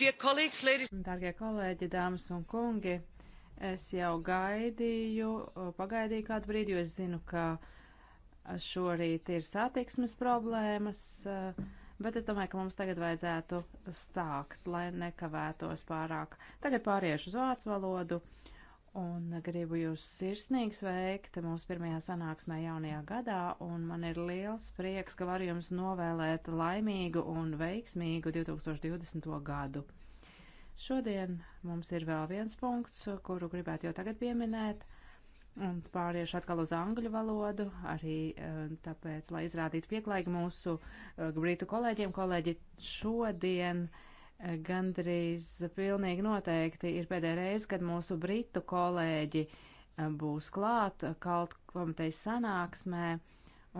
Dārgie kolēģi, dāmas un kungi, es jau gaidīju, pagaidīju kādu brīdi, jo es zinu, ka šorīt ir satiksmes problēmas, bet es domāju, ka mums tagad vajadzētu sākt, lai nekavētos pārāk. Tagad pāriešu uz vācu valodu. Uh, un gribu jūs sirsnīgi sveikt mūsu pirmajā sanāksmē jaunajā gadā, un man ir liels prieks, ka varu jums novēlēt laimīgu un veiksmīgu 2020. gadu. Šodien mums ir vēl viens punkts, kuru gribētu jau tagad pieminēt, un pāriešu atkal uz angļu valodu, arī e, tāpēc, lai izrādītu pieklājīgi mūsu e, britu kolēģiem, kolēģi šodien uh, Gandrīz pilnīgi noteikti ir pēdējā reize, kad mūsu britu kolēģi eh, būs klāt kaut komitejas sanāksmē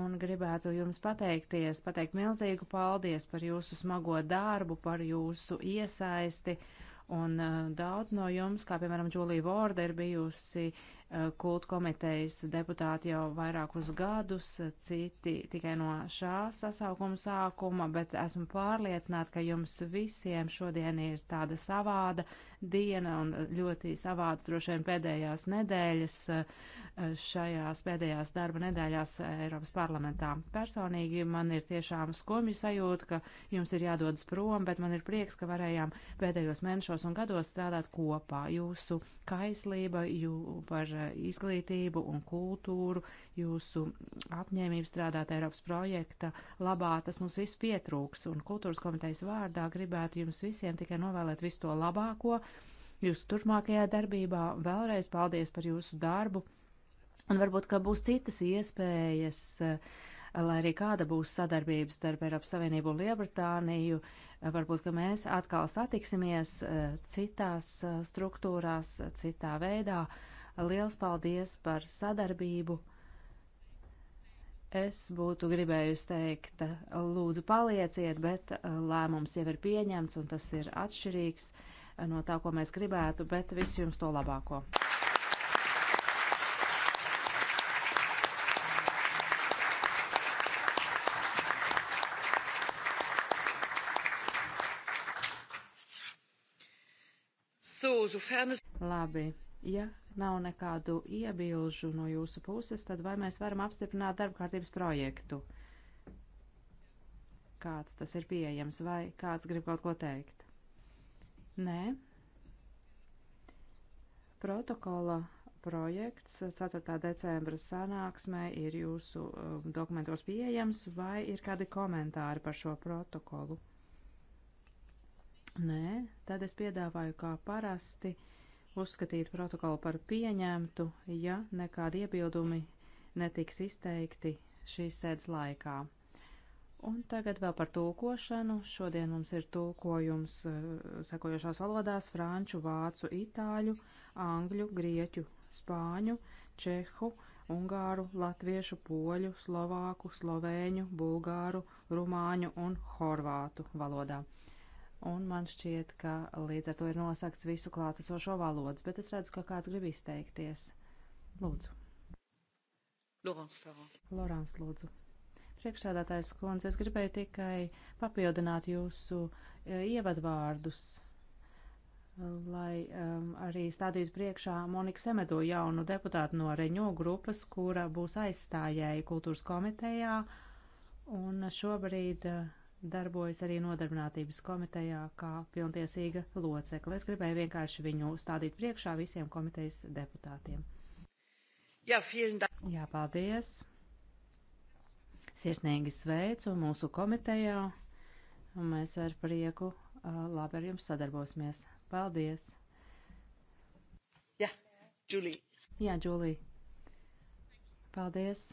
un gribētu jums pateikties, pateikt milzīgu paldies par jūsu smago darbu, par jūsu iesaisti. Un uh, daudz no jums, kā piemēram Džulija Vorda, ir bijusi uh, Eh, kultu komitejas deputāti jau vairākus gadus, eh, citi tikai no šā sasaukuma sākuma, bet esmu pārliecināta, ka jums visiem šodien ir tāda savāda diena un ļoti savāds droši vien pēdējās nedēļas eh, šajās pēdējās darba nedēļās Eiropas parlamentā. Personīgi man ir tiešām skumji sajūta, ka jums ir jādodas prom, bet man ir prieks, ka varējām pēdējos mēnešos un gados strādāt kopā. Jūsu kaislība jū par eh, izglītību un kultūru, jūsu apņēmību strādāt Eiropas projekta labā, tas mums viss pietrūks. Un kultūras komitejas vārdā gribētu jums visiem tikai novēlēt visu to labāko jūsu turpmākajā darbībā. Vēlreiz paldies par jūsu darbu. Un varbūt, ka būs citas iespējas, eh, lai arī kāda būs sadarbības starp Eiropas Savienību un Liebritāniju, varbūt, ka mēs atkal satiksimies eh, citās eh, struktūrās, citā veidā. Liels paldies par sadarbību! Es būtu gribējusi teikt, lūdzu, palieciet, bet lēmums jau ir pieņemts un tas ir atšķirīgs. Uh, no tā, ko mēs gribētu, bet visu jums to labāko. Labi, ja nav nekādu iebilžu no jūsu puses, tad vai mēs varam apstiprināt darbkārtības projektu? Kāds tas ir pieejams vai kāds grib kaut ko teikt? Nē. Protokola projekts 4. decembra sanāksmē ir jūsu um, dokumentos pieejams, vai ir kādi komentāri par šo protokolu? Nē, tad es piedāvāju kā parasti uzskatīt protokolu par pieņemtu, ja nekādi iebildumi netiks izteikti šīs sēdes laikā. Un tagad vēl par tulkošanu. Šodien mums ir tulkojums eh, sekojošās valodās - franču, vācu, itāļu, angļu, grieķu, spāņu, čehu, ungāru, latviešu, poļu, slovāku, slovēņu, bulgāru, rumāņu un horvātu valodā. Un man šķiet, ka līdz ar to ir nosakts visu klātesošo valodas, bet es redzu, ka kāds grib izteikties. Lūdzu. Lorāns Lūdzu. Priekšsēdētājs kundze, es gribēju tikai papildināt jūsu e, ievadvārdus, lai um, arī stādītu priekšā Moniku Semedo jaunu deputātu no Reņo grupas, kura būs aizstājēja kultūras komitejā un šobrīd e, darbojas arī nodarbinātības komitejā kā pilntiesīga locekle. Es gribēju vienkārši viņu stādīt priekšā visiem komitejas deputātiem. Jā, ja, Jā paldies! sirsnīgi sveicu mūsu komitejā, un mēs ar prieku labi ar jums sadarbosimies. Paldies! Jā, ja, Džulija. Jā, Džulija. Paldies!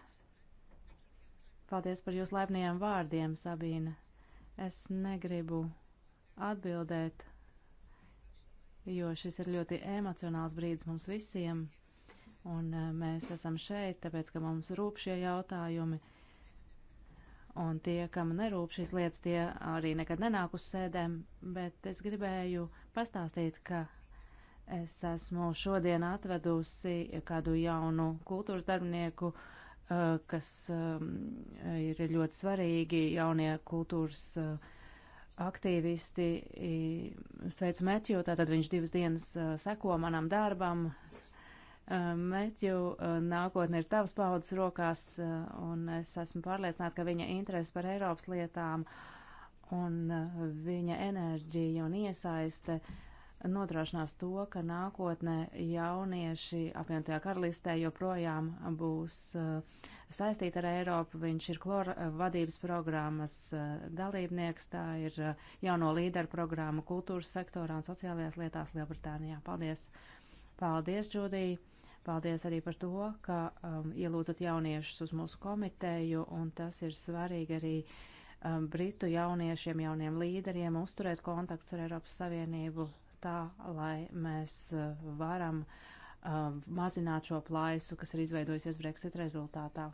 Paldies par jūsu laipnajiem vārdiem, Sabīna. Es negribu atbildēt, jo šis ir ļoti emocionāls brīdis mums visiem. Un mēs esam šeit, tāpēc, ka mums rūp šie jautājumi un tie, kam nerūp šīs lietas, tie arī nekad nenāk uz sēdēm, bet es gribēju pastāstīt, ka es esmu šodien atvedusi kādu jaunu kultūras darbinieku, eh, kas ehm, ir ļoti svarīgi jaunie kultūras eh, aktīvisti. Sveicu Metju, tātad viņš divas dienas eh, seko manam darbam, Mēķu eh, nākotne ir tavas paudzes rokās, eh, un es esmu pārliecināta, ka viņa interesi par Eiropas lietām un eh, viņa enerģija un iesaiste nodrošinās to, ka nākotnē jaunieši apvienotajā karalistē joprojām būs saistīti ar Eiropu. Viņš ir klora vadības programmas dalībnieks, tā ir jauno līderu programma kultūras sektorā un sociālajās lietās Lielbritānijā. Paldies! Paldies, Džudija! Paldies arī par to, ka um, ielūdzat jauniešus uz mūsu komiteju, un tas ir svarīgi arī um, Britu jauniešiem, jauniem līderiem uzturēt kontakts ar Eiropas Savienību tā, lai mēs uh, varam uh, mazināt šo plaisu, kas ir izveidojusies Brexit rezultātā.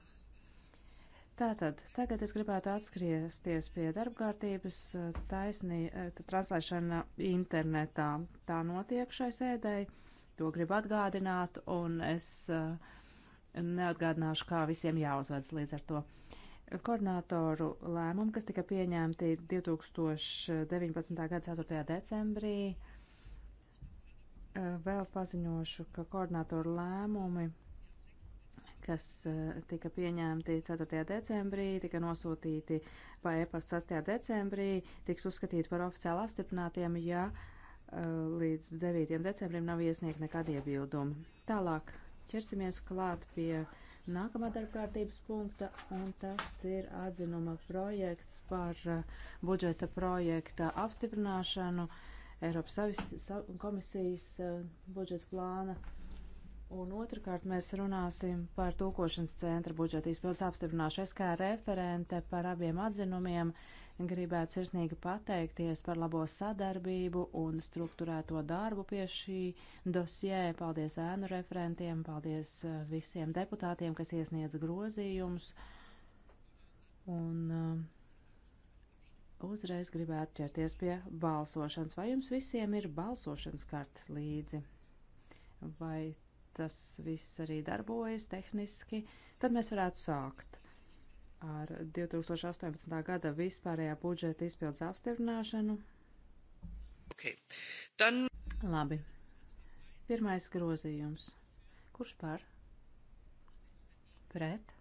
Tātad, tagad es gribētu atskriesties pie darbkārtības uh, taisnī, uh, translēšana internetā. Tā notiek šai sēdēji. To gribu atgādināt, un es uh, neatgādināšu, kā visiem jāuzvedas līdz ar to. Koordinātoru lēmumu, kas tika pieņemti 2019. gada 4. decembrī, uh, vēl paziņošu, ka koordinātoru lēmumi, kas uh, tika pieņemti 4. decembrī, tika nosūtīti pa e-pastu 6. decembrī, tiks uzskatīti par oficiāli apstiprinātiem, ja uh, līdz 9. decembrim nav iesniegt nekādi iebildumi. Tālāk ķersimies klāt pie nākamā darbkārtības punkta, un tas ir atzinuma projekts par uh, budžeta projekta apstiprināšanu Eiropas Savis, komisijas uh, budžeta plāna. Un otrkārt mēs runāsim par tūkošanas centra budžeta izpildes apstiprināšanu. Es kā referente par abiem atzinumiem gribētu sirsnīgi pateikties par labo sadarbību un struktūrēto darbu pie šī dosjē. Paldies ēnu referentiem, paldies eh, visiem deputātiem, kas iesniedz grozījumus. Un uh, uzreiz gribētu ķerties pie balsošanas. Vai jums visiem ir balsošanas kartes līdzi? Vai tas viss arī darbojas tehniski? Tad mēs varētu sākt ar 2018. gada vispārējā budžeta izpildes apstiprināšanu. Okay. Then... Nu- Labi. Pirmais grozījums. Kurš par? Pret?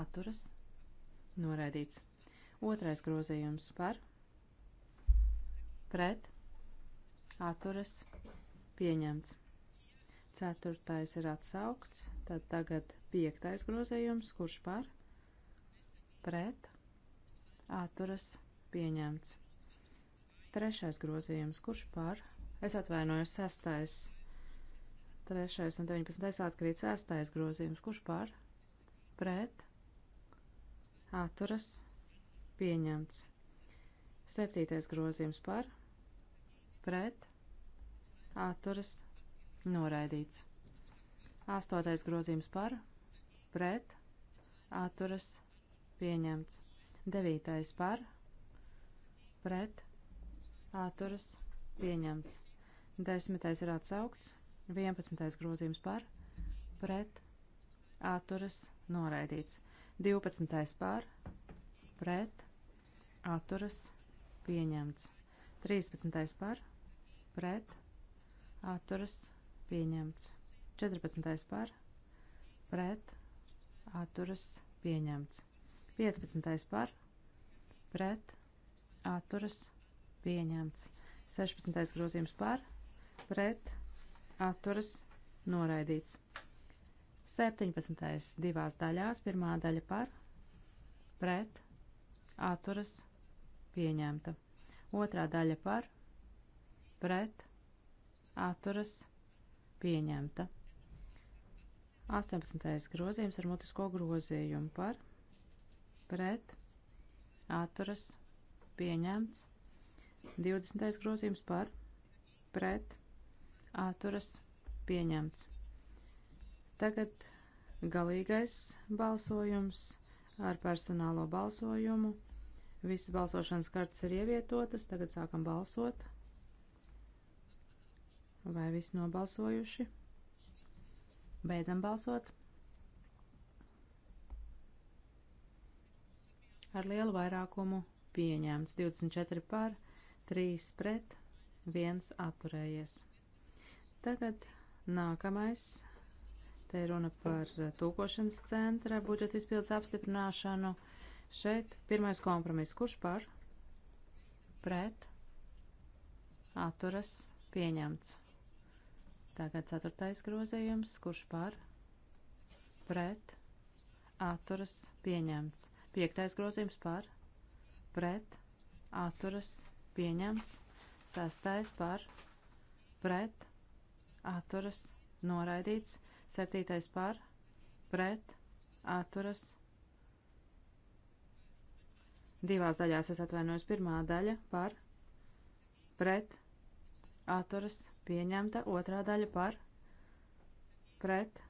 Atturas? Noraidīts. Otrais grozījums par? Pret? Atturas? Pieņemts. Ceturtais ir atsaukts, tad tagad Piektais grozījums, kurš par, pret, atturas, pieņemts. Trešais grozījums, kurš par, es atvainojos, sestais, trešais un 19. atkrīt sestais grozījums, kurš par, pret, atturas, pieņemts. Septītais grozījums par, pret, atturas, noraidīts. Astotais grozījums par, pret, atturas, pieņemts. 9. par, pret, atturas, pieņemts. 10. ir atsaukts, 11. grozījums par, pret, atturas, noraidīts. 12. par, pret, atturas, pieņemts. 13. par, pret, atturas, pieņemts. 14. par, pret, atturas pieņemts. 15. par pret atturas pieņemts. 16. grozījums par pret atturas noraidīts. 17. divās daļās, pirmā daļa par pret atturas pieņemta. Otrā daļa par pret atturas pieņemta. 18. grozījums ar mutisko grozījumu par pret atturas pieņemts. 20. grozījums par pret atturas pieņemts. Tagad galīgais balsojums ar personālo balsojumu. Visas balsošanas kartes ir ievietotas, tagad sākam balsot. Vai visi nobalsojuši? Beidzam balsot. Ar lielu vairākumu pieņēmts 24 par, 3 pret, 1 atturējies. Tagad nākamais. Te ir runa par tūkošanas centra budžeta izpildes apstiprināšanu. Šeit pirmais kompromiss. Kurš par? Pret? Atturas? Pieņemts. Tagad ceturtais grozījums, kurš par, pret, atturas, pieņemts. Piektais grozījums par, pret, atturas, pieņemts. Sastais par, pret, atturas, noraidīts. Septītais par, pret, atturas. Divās daļās es atvainojos pirmā daļa par, pret, atturas pieņemta, otrā daļa par, pret,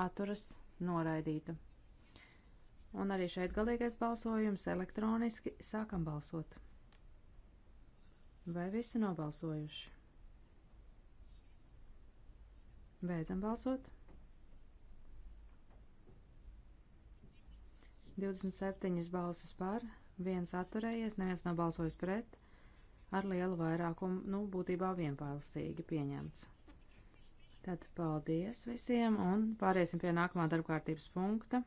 atturas noraidīta. Un arī šeit galīgais balsojums elektroniski sākam balsot. Vai visi nobalsojuši? Beidzam balsot. 27 balsis par, viens atturējies, neviens nav balsojis pret ar lielu vairākumu, nu, būtībā vienbalsīgi pieņemts. Tad paldies visiem un pāriesim pie nākamā darbkārtības punkta.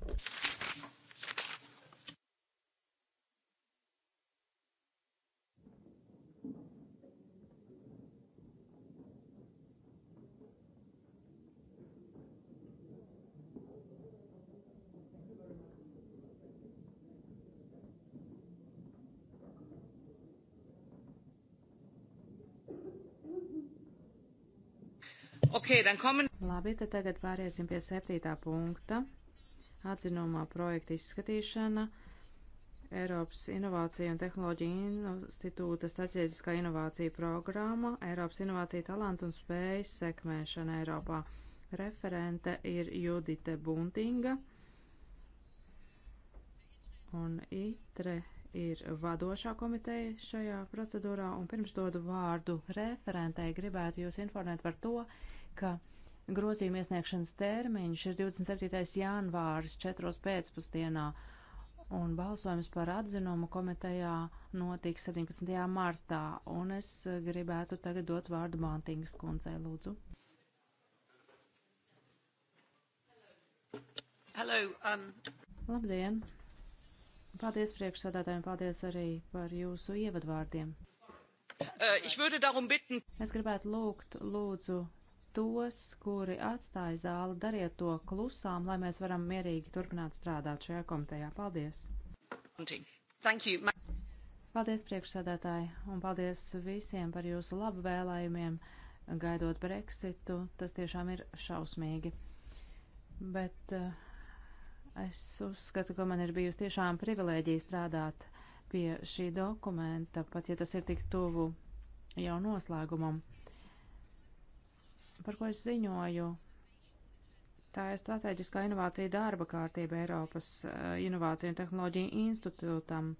Thank you. Okay, kommen... Labi, tad tagad pāriesim pie septītā punkta. Atzinumā projekta izskatīšana. Eiropas Inovācija un Tehnoloģija institūta strateģiskā inovācija programma, Eiropas Inovācija talantu un spējas sekmēšana Eiropā. Referente ir Judite Buntinga un ITRE ir vadošā komiteja šajā procedūrā, un pirms dodu vārdu referentei gribētu jūs informēt par to, ka grozījuma iesniegšanas termiņš ir 27. janvāris 4. pēcpusdienā, un balsojums par atzinumu komitejā notiks 17. martā, un es gribētu tagad dot vārdu Māntīgas kundzei, lūdzu. Hello, um... Labdien! Paldies priekšsādātājiem, paldies arī par jūsu ievadvārdiem. Uh, es gribētu lūgt, lūdzu, tos, kuri atstāja zāli, dariet to klusām, lai mēs varam mierīgi turpināt strādāt šajā komitejā. Paldies! Paldies, priekšsēdētāji, un paldies visiem par jūsu labvēlējumiem, gaidot Brexitu. Tas tiešām ir šausmīgi. Bet uh, es uzskatu, ka man ir bijusi tiešām privilēģija strādāt pie šī dokumenta, pat ja tas ir tik tuvu jau noslēgumam par ko es ziņoju. Tā ir strateģiskā inovācija darba kārtība Eiropas eh, Inovāciju un tehnoloģiju institūtam,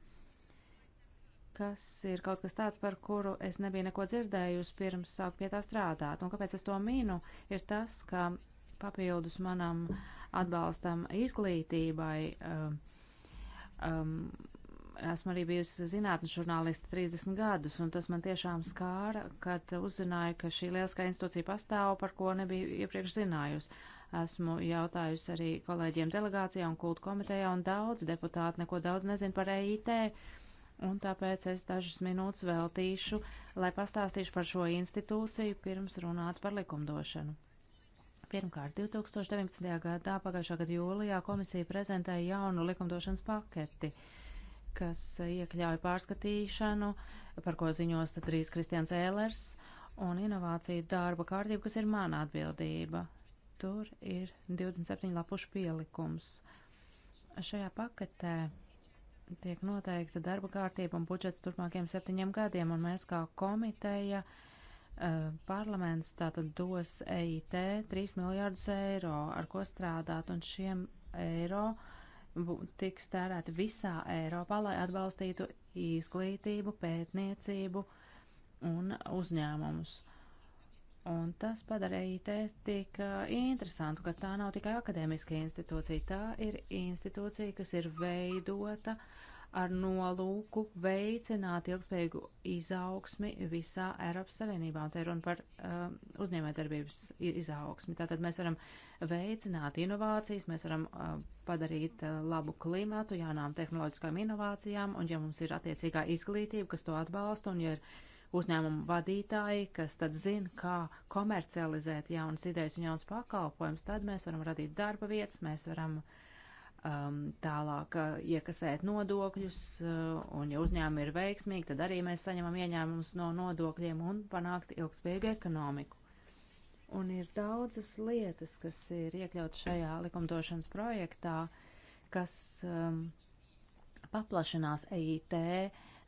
kas ir kaut kas tāds, par kuru es nebiju neko dzirdējusi pirms sākt pie tā strādāt. Un kāpēc es to mīnu, ir tas, ka papildus manam atbalstam izglītībai. Eh, um, um, esmu arī bijusi zinātnes žurnāliste 30 gadus, un tas man tiešām skāra, kad uzzināju, ka šī lieliskā institūcija pastāv, par ko nebiju iepriekš zinājusi. Esmu jautājusi arī kolēģiem delegācijā un kultu komitejā, un daudz deputāti neko daudz nezin par EIT, un tāpēc es dažas minūtes veltīšu, lai pastāstīšu par šo institūciju pirms runāt par likumdošanu. Pirmkārt, 2019. gadā pagājušā gada jūlijā komisija prezentēja jaunu likumdošanas paketi. Uh, kas iekļauj pārskatīšanu, par ko ziņos tad drīz Kristians Ēlers, un inovāciju darba kārtību, kas ir mana atbildība. Tur ir 27 lapušu pielikums. Šajā paketē tiek noteikta darba kārtība un budžets turpmākiem septiņiem gadiem, un mēs kā komiteja eh, parlaments tātad dos EIT 3 miljārdus eiro, ar ko strādāt, un šiem eiro uh, tiks tērēti visā Eiropā, lai atbalstītu izglītību, pētniecību un uzņēmumus. Un tas padara IT tik interesantu, ka tā nav tikai akadēmiska institūcija, tā ir institūcija, kas ir veidota uh, ar nolūku veicināt ilgspējīgu izaugsmi visā Eiropas Savienībā. Un te runa par uh, um, uzņēmētarbības izaugsmi. Tātad mēs varam veicināt inovācijas, mēs varam uh, padarīt uh, labu klimatu jaunām tehnoloģiskām inovācijām, un ja mums ir attiecīgā izglītība, kas to atbalsta, un ja ir uzņēmumu vadītāji, kas tad zina, kā komercializēt jaunas idejas un jaunas pakalpojumus, tad mēs varam radīt darba vietas, mēs varam uh, um, tālāk uh, iekasēt nodokļus, uh, un ja uzņēmumi ir veiksmīgi, tad arī mēs saņemam ieņēmumus no nodokļiem un panākt ilgspējīgu ekonomiku. Un ir daudzas lietas, kas ir iekļautas šajā likumdošanas projektā, kas um, paplašinās EIT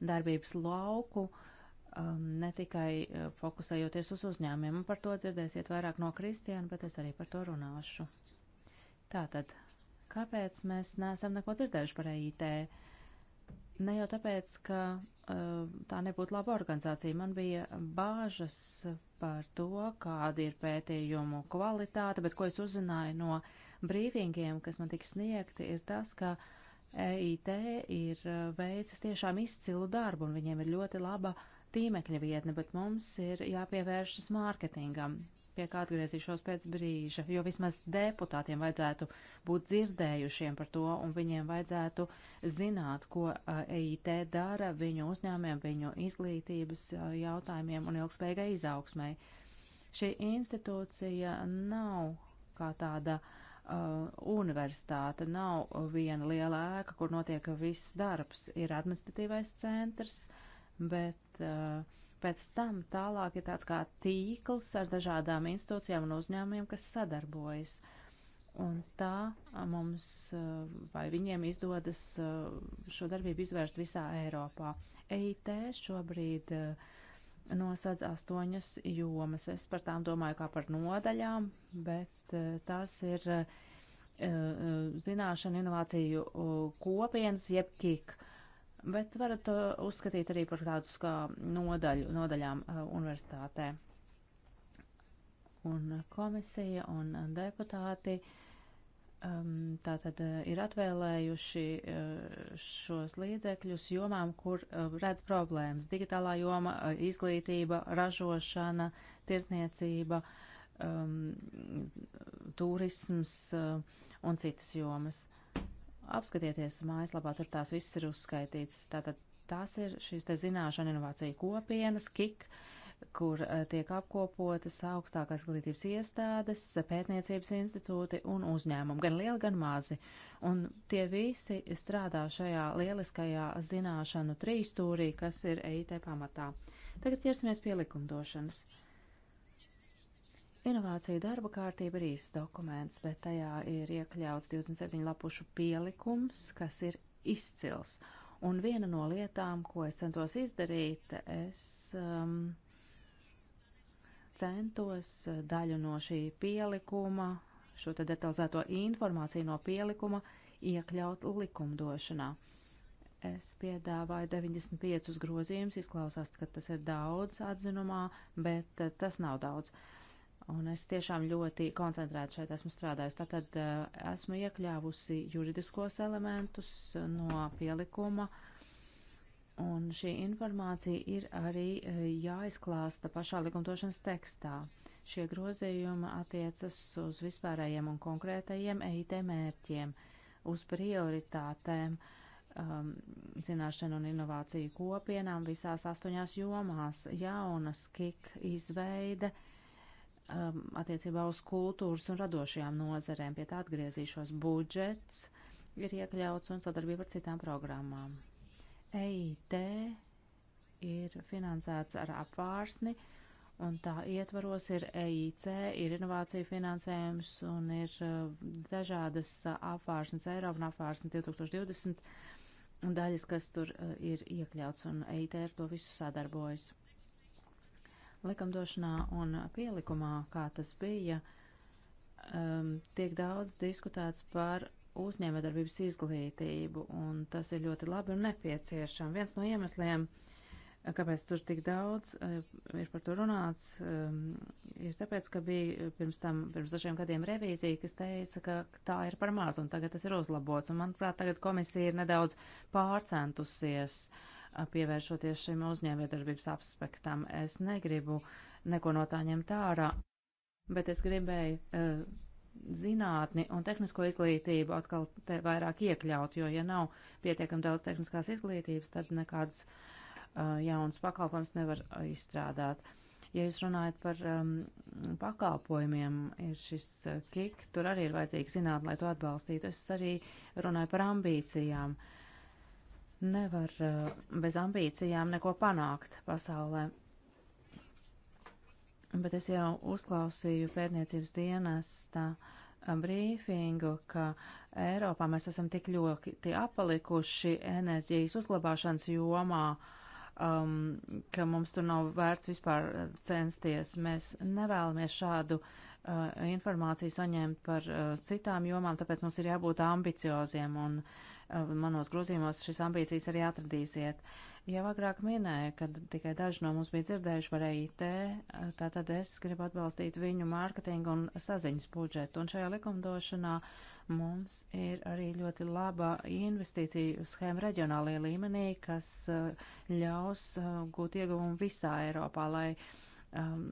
darbības lauku, um, ne tikai uh, fokusējoties uz uzņēmumiem. Un par to dzirdēsiet vairāk no Kristiāna, bet es arī par to runāšu. Tātad Kāpēc mēs neesam neko dzirdējuši par EIT? Ne jau tāpēc, ka uh, tā nebūtu laba organizācija. Man bija bāžas par to, kāda ir pētījumu kvalitāte, bet ko es uzzināju no brīvīgiem, kas man tika sniegti, ir tas, ka EIT ir uh, veicis tiešām izcilu darbu un viņiem ir ļoti laba tīmekļa vietne, bet mums ir jāpievēršas mārketingam pie kā atgriezīšos pēc brīža, jo vismaz deputātiem vajadzētu būt dzirdējušiem par to, un viņiem vajadzētu zināt, ko EIT dara viņu uzņēmiem, viņu izglītības jautājumiem un ilgspējīgai izaugsmai. Šī institūcija nav kā tāda uh, universitāte, nav viena liela ēka, kur notiek viss darbs. Ir administratīvais centrs, bet uh, Pēc tam tālāk ir tāds kā tīkls ar dažādām institūcijām un uzņēmumiem, kas sadarbojas. Un tā mums vai viņiem izdodas šo darbību izvērst visā Eiropā. EIT šobrīd nosedz astoņas jomas. Es par tām domāju kā par nodaļām, bet tās ir zināšanu inovāciju kopienas, jeb kika bet varat to uh, uzskatīt arī par tādus kā nodaļu, nodaļām uh, universitātē. Un komisija un deputāti um, tātad uh, ir atvēlējuši šos līdzekļus jomām, kur redz problēmas - digitālā joma, izglītība, ražošana, tirzniecība, um, turisms un citas jomas. Uh, apskatieties mājaslapā, tur tās viss ir uzskaitīts. Tātad tās ir šīs te zināšana inovācija kopienas, KIK, kur eh, tiek apkopotas augstākās izglītības iestādes, pētniecības institūti un uzņēmumi, gan lieli, gan mazi. Un tie visi strādā šajā lieliskajā zināšanu trīstūrī, kas ir EIT pamatā. Tagad ķersimies pie likumdošanas. Uh, Inovāciju darba kārtība ir īsts dokuments, bet tajā ir iekļauts 27 lapušu pielikums, kas ir izcils. Un viena no lietām, ko es centos izdarīt, es um, centos uh, daļu no šī pielikuma, šo te detalizēto informāciju no pielikuma, iekļaut likumdošanā. Es piedāvāju 95 grozījumus, izklausās, ka tas ir daudz atzinumā, bet uh, tas nav daudz. Uh, Un es tiešām ļoti koncentrēti šeit esmu strādājusi. Tātad eh, esmu iekļāvusi juridiskos elementus no pielikuma. Un šī informācija ir arī eh, jāizklāsta pašā likumdošanas tekstā. Šie grozījumi attiecas uz vispārējiem un konkrētajiem EIT mērķiem, uz prioritātēm, um, zināšanu un inovāciju kopienām visās astoņās jomās, jaunas KIK izveide, uh, um, attiecībā uz kultūras un radošajām nozarēm. Pie tā atgriezīšos budžets ir iekļauts un sadarbība ar citām programmām. EIT ir finansēts ar apvārsni, un tā ietvaros ir EIC, ir inovācija finansējums un ir uh, dažādas uh, apvārsnes Eiropa un apvārsnes 2020 daļas, kas tur uh, ir iekļauts, un EIT ar to visu sadarbojas likumdošanā un pielikumā, kā tas bija, um, tiek daudz diskutēts par uzņēmējdarbības izglītību, un tas ir ļoti labi un nepieciešams. Viens no iemesliem, kāpēc tur tik daudz uh, ir par to runāts, um, ir tāpēc, ka bija pirms tam, pirms dažiem gadiem revīzija, kas teica, ka tā ir par maz, un tagad tas ir uzlabots, un manuprāt, tagad komisija ir nedaudz pārcentusies. Uh, pievēršoties šim uzņēmējdarbības aspektam. Es negribu neko no tā ņemt ārā, bet es gribēju uh, zinātni un tehnisko izglītību atkal te vairāk iekļaut, jo, ja nav pietiekam daudz tehniskās izglītības, tad nekādus uh, jaunus pakalpojumus nevar eh, izstrādāt. Ja jūs runājat par um, pakalpojumiem, ir šis uh, kik, tur arī ir vajadzīga zinātne, lai to atbalstītu. Es arī runāju par ambīcijām. Uh, nevar eh, bez ambīcijām neko panākt pasaulē. Bet es jau uzklausīju pētniecības dienestā eh, brīfingu, ka Eiropā mēs esam tik ļoti apalikuši enerģijas uzglabāšanas jomā, um, ka mums tur nav vērts vispār eh, censties. Mēs nevēlamies šādu uh, informāciju saņemt par uh, citām jomām, tāpēc mums ir jābūt ambicioziem un uh, manos grozījumos šis ambīcijas arī atradīsiet. Jau agrāk minēju, kad tikai daži no mums bija dzirdējuši par EIT, tātad es gribu atbalstīt viņu mārketingu un saziņas budžetu. Un šajā likumdošanā mums ir arī ļoti laba investīciju schēma reģionālajā līmenī, kas ļaus gūt ieguvumu visā Eiropā, lai um,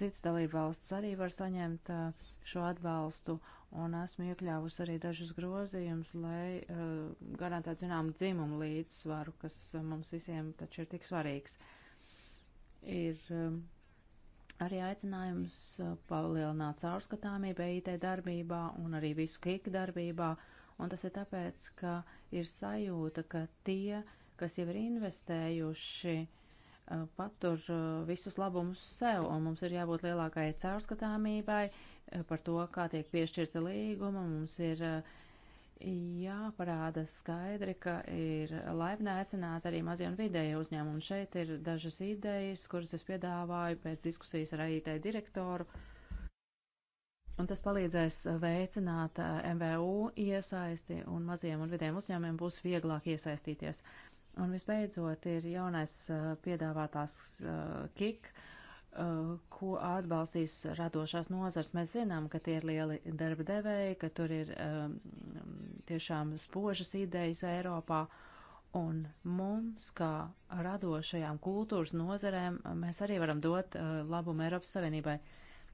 cits dalībvalsts arī var saņemt uh, šo atbalstu. Uh, un esmu iekļāvusi arī dažus grozījumus, lai uh, garantētu zinām dzimumu līdzsvaru, kas uh, mums visiem taču ir tik svarīgs. Ir uh, arī aicinājums uh, palielināt caurskatāmību EIT darbībā un arī visu kiku darbībā, un tas ir tāpēc, ka ir sajūta, ka tie, kas jau ir investējuši, uh, Uh, patur uh, visus labumus sev, un mums ir jābūt lielākai caurskatāmībai uh, par to, kā tiek piešķirta līguma. Mums ir jāparāda skaidri, ka ir laipni aicināt arī mazie un vidēji uzņēmumi. Šeit ir dažas idejas, kuras es piedāvāju pēc diskusijas ar AIT direktoru. Un tas palīdzēs veicināt MVU iesaisti, un maziem un vidējiem uzņēmumiem būs vieglāk iesaistīties. Uh, Un visbeidzot ir jaunais uh, piedāvātās uh, KIK, uh, ko atbalstīs radošās nozars. Mēs zinām, ka tie ir lieli darba devēji, ka tur ir um, tiešām spožas idejas Eiropā. Un mums, kā radošajām kultūras nozarēm, mēs arī varam dot uh, labumu Eiropas Savienībai.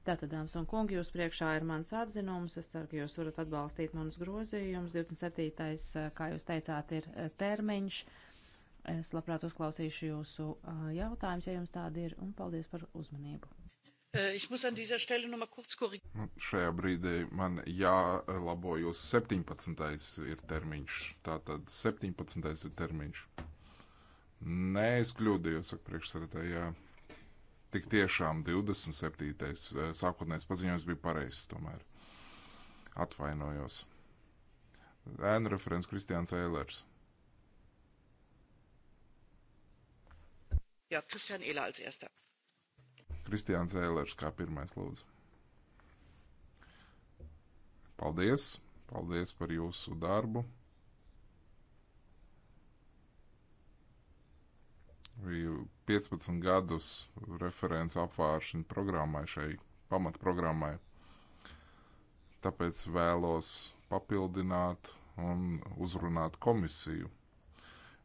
Tātad, dāmas un kungi, jūs priekšā ir mans atzinums. Es ceru, ka jūs varat atbalstīt manus grozījumus. 27. Uh, kā jūs teicāt, ir uh, termiņš. Uh, Es labprāt uzklausīšu jūsu jautājumus, ja jums tādi ir, un paldies par uzmanību. Nu, šajā brīdī man jālabo jūs 17. ir termiņš. Tātad 17. ir termiņš. Nē, es kļūdījos, saka priekšsēdētājā. Tik tiešām 27. sākotnējais paziņojums bija pareizs tomēr. Atvainojos. Ēnu referents Kristiāns Eilers. Jā, Kristian Ēlē als erster. Kristiāns Ēlers kā pirmais lūdzu. Paldies! Paldies par jūsu darbu! Biju 15 gadus referents apvāršana programmai šai pamatprogrammai. Tāpēc vēlos papildināt un uzrunāt komisiju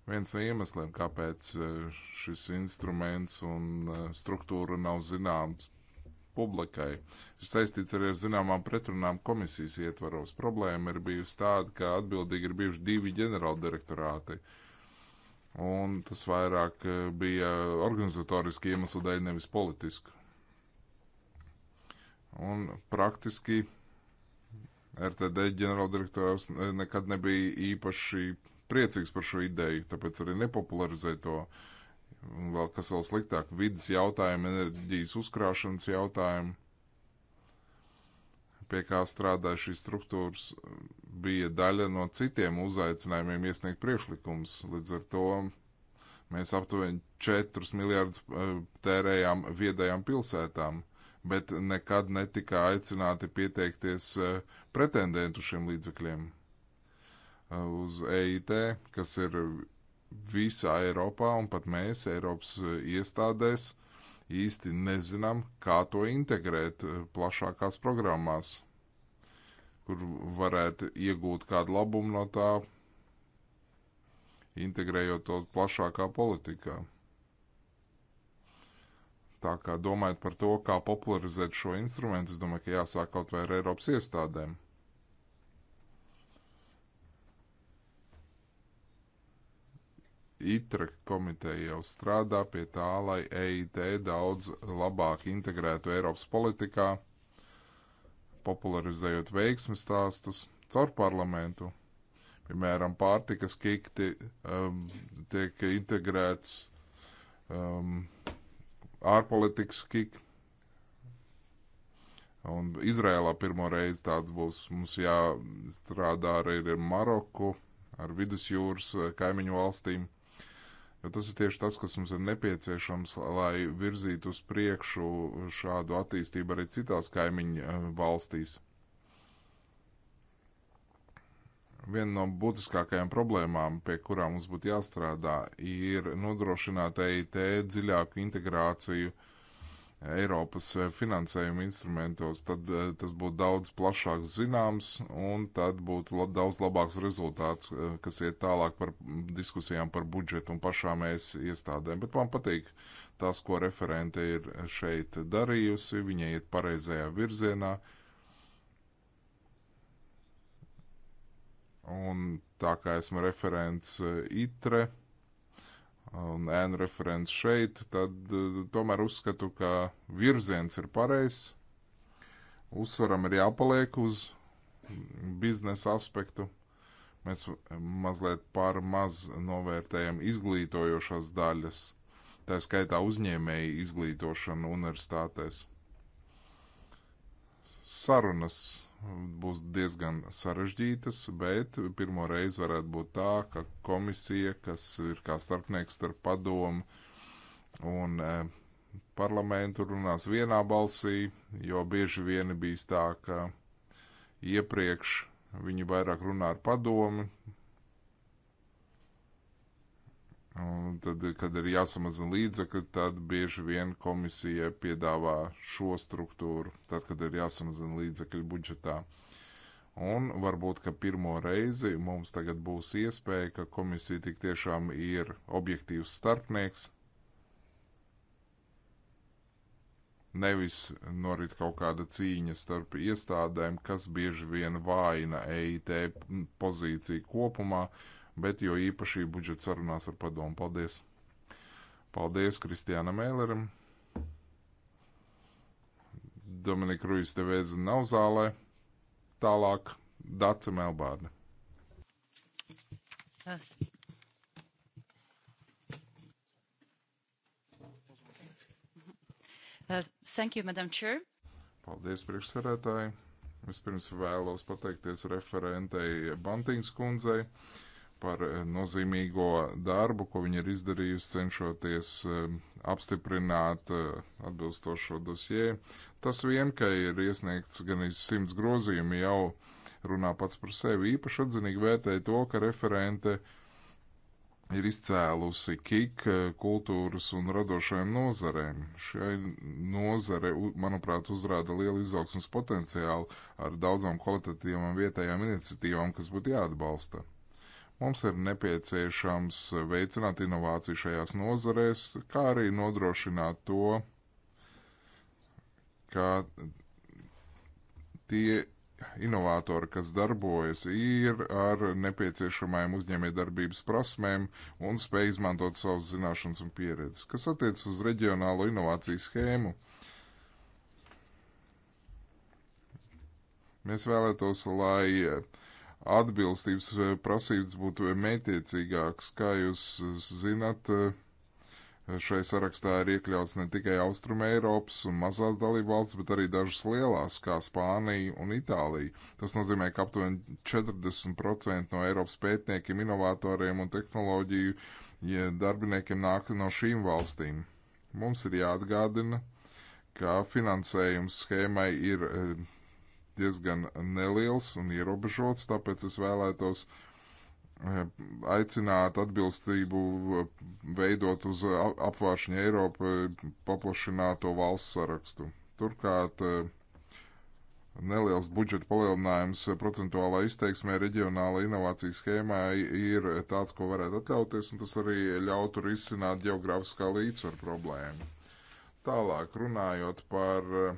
Viens no iemesliem, kāpēc eh, šis instruments un eh, struktūra nav zināms publikai, ir saistīts arī ar zināmām pretrunām komisijas ietvaros. Problēma ir bijusi tāda, ka atbildīgi ir bijuši divi ģenerāldirektorāti. Un tas vairāk eh, bija organizatoriski iemeslu dēļ, nevis politisku. Un praktiski RTD ģenerāldirektors nekad nebija īpaši priecīgs par šo ideju, tāpēc arī nepopularizē to. Un vēl kas vēl sliktāk - vidas jautājumu, enerģijas uzkrāšanas jautājumu, pie kā strādāja šīs struktūras, bija daļa no citiem uzaicinājumiem iesniegt priekšlikums. Līdz ar to mēs aptuveni 4 miljārdus e, tērējām viedajām pilsētām bet nekad netika aicināti pieteikties e, pretendentu šiem līdzekļiem uz EIT, kas ir visā Eiropā, un pat mēs Eiropas e, iestādēs īsti nezinām, kā to integrēt e, plašākās programmās, kur varētu iegūt kādu labumu no tā, integrējot to plašākā politikā. Tā kā domājot par to, kā popularizēt šo instrumentu, es domāju, ka jāsāk kaut vai ar Eiropas iestādēm. ITRE komiteja jau strādā pie tā, lai EIT daudz labāk integrētu Eiropas politikā, popularizējot veiksmi stāstus caur parlamentu. Piemēram, pārtikas kikti um, tiek integrēts um, ārpolitikas kikti. Un Izrēlā pirmo reizi tāds būs. Mums jāstrādā arī ar Maroku, ar vidusjūras uh, kaimiņu valstīm. Jo tas ir tieši tas, kas mums ir nepieciešams, lai virzītu uz priekšu šādu attīstību arī citās kaimiņu eh, valstīs. Viena no būtiskākajām problēmām, pie kurām mums būtu jāstrādā, ir nodrošināt EIT dziļāku integrāciju uh, Eiropas eh, finansējuma instrumentos, tad eh, tas būtu daudz plašāk zināms un tad būtu daudz labāks rezultāts, eh, kas iet tālāk par diskusijām par budžetu un pašām mēs iestādēm. Bet man patīk tas, ko referente ir šeit darījusi, viņa iet pareizajā virzienā. Un tā kā esmu referents ITRE, un ēnu referents šeit, tad eh, tomēr uzskatu, ka virziens ir pareizs. Uzsvaram ir jāpaliek uz biznesa aspektu. Mēs mazliet par maz novērtējam izglītojošās daļas, tā skaitā uzņēmēju izglītošanu universitātēs. Sarunas būs diezgan sarežģītas, bet pirmo reizi varētu būt tā, ka komisija, kas ir kā starpnieks starp padomu un e, parlamentu, runās vienā balsī, jo bieži vien bijis tā, ka iepriekš viņi vairāk runā ar padomu, Un tad, kad ir jāsamazina līdzekļi, tad bieži vien komisija piedāvā šo struktūru, tad, kad ir jāsamazina līdzekļi budžetā. Un varbūt, ka pirmo reizi mums tagad būs iespēja, ka komisija tik tiešām ir objektīvs starpnieks. Nevis norit kaut kāda cīņa starp iestādēm, kas bieži vien vājina EIT pozīciju kopumā, uh, bet jo īpaši budžeta sarunās ar padomu. Paldies! Paldies Kristiānam Eileram! Dominika Rujas Tevēza nav zālē. Tālāk Dace Melbārne. Uh, thank you, Madam Chair. Paldies, priekšsarētāji. Vispirms vēlos pateikties referentei Bantīnas kundzei. Uh, par eh, nozīmīgo darbu, ko viņa ir izdarījusi, cenšoties eh, apstiprināt eh, atbilstošo dosie. Tas vien, ka ir iesniegts gan iz simts grozījumi, jau runā pats par sevi. Īpaši atzinīgi vērtēja to, ka referente ir izcēlusi kik kultūras un radošajām nozarēm. Šai nozare, manuprāt, uzrāda lielu izaugsmas potenciālu ar daudzām kvalitatīvām vietējām iniciatīvām, kas būtu jāatbalsta. Mums ir nepieciešams veicināt inovāciju šajās nozarēs, kā arī nodrošināt to, ka tie inovatori, kas darbojas, ir ar nepieciešamajām uzņēmējdarbības prasmēm un spēj izmantot savas zināšanas un pieredzi. Kas attiec uz reģionālo inovāciju schēmu, mēs vēlētos, lai atbilstības eh, prasības būtu mētiecīgākas. Kā jūs eh, zinat, eh, šai sarakstā ir iekļauts ne tikai Austrum Eiropas un mazās dalībvalsts, bet arī dažas lielās, kā Spānija un Itālija. Tas nozīmē, ka aptuveni 40% no Eiropas pētniekiem, inovatoriem un tehnoloģiju ja darbiniekiem nāk no šīm valstīm. Mums ir jāatgādina, ka finansējums schēmai ir diezgan neliels un ierobežots, tāpēc es vēlētos eh, aicināt atbilstību eh, veidot uz apvāršņa Eiropa eh, paplašināto valsts sarakstu. Turklāt neliels budžeta palielinājums procentuālā izteiksmē reģionāla inovācijas schēmā ir tāds, ko varētu atļauties, un tas arī ļautu risināt geogrāfiskā līdzsvaru problēmu. Tālāk runājot par uh,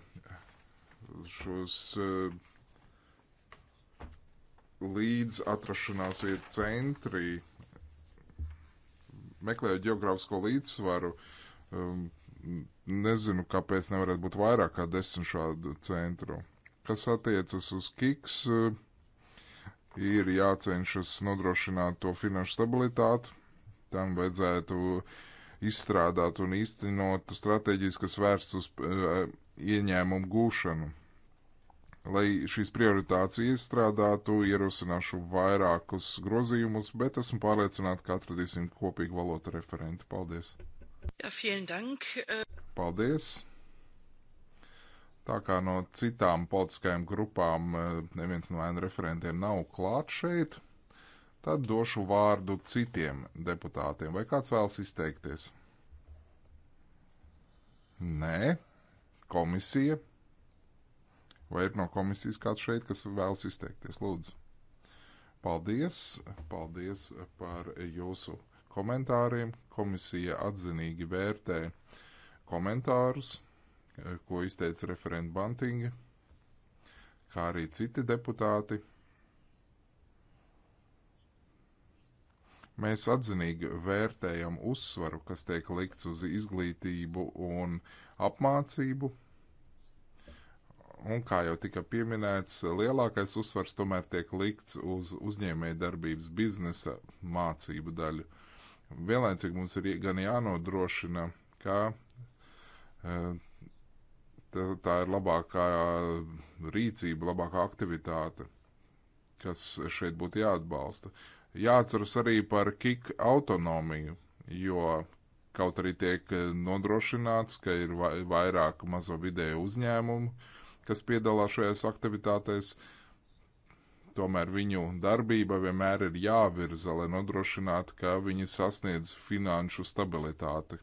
šos eh, līdz atrašanās vietu centri, meklējot geogrāfisko līdzsvaru, eh, nezinu, kāpēc nevarētu būt vairāk kā desmit šādu centru. Kas attiecas uz KIKS, eh, ir jācenšas nodrošināt to finanšu stabilitāti. Tam vajadzētu izstrādāt un īstenot stratēģijas, kas vērsts uz e, ieņēmumu gūšanu. Lai šīs prioritātes iestrādātu, ierosināšu vairākus grozījumus, bet esmu pārliecināta, ka atradīsim kopīgu valotu referentu. Paldies! Ja, dank. Paldies! Tā kā no citām politiskajām grupām eh, neviens no ēnu referentiem nav klāt šeit, tad došu vārdu citiem deputātiem. Vai kāds vēlas izteikties? Nē, komisija. Vai ir no komisijas kāds šeit, kas vēlas izteikties? Lūdzu. Paldies, paldies par jūsu komentāriem. Komisija atzinīgi vērtē komentārus, ko izteica referenta Bantinga, kā arī citi deputāti. Mēs atzinīgi vērtējam uzsvaru, kas tiek likts uz izglītību un apmācību, un, kā jau tika pieminēts, lielākais uzsvars tomēr tiek likts uz uzņēmēja darbības biznesa mācību daļu. Vienlaicīgi mums ir gan jānodrošina, ka e, tā ir labākā rīcība, labākā aktivitāte, kas šeit būtu jāatbalsta. Jāatceras arī par kiku autonomiju, jo kaut arī tiek nodrošināts, ka ir vairāk mazo vidēju uzņēmumu, kas piedalās šajās aktivitātēs. Tomēr viņu darbība vienmēr ir jāvirza, lai nodrošinātu, ka viņi sasniedz finanšu stabilitāti.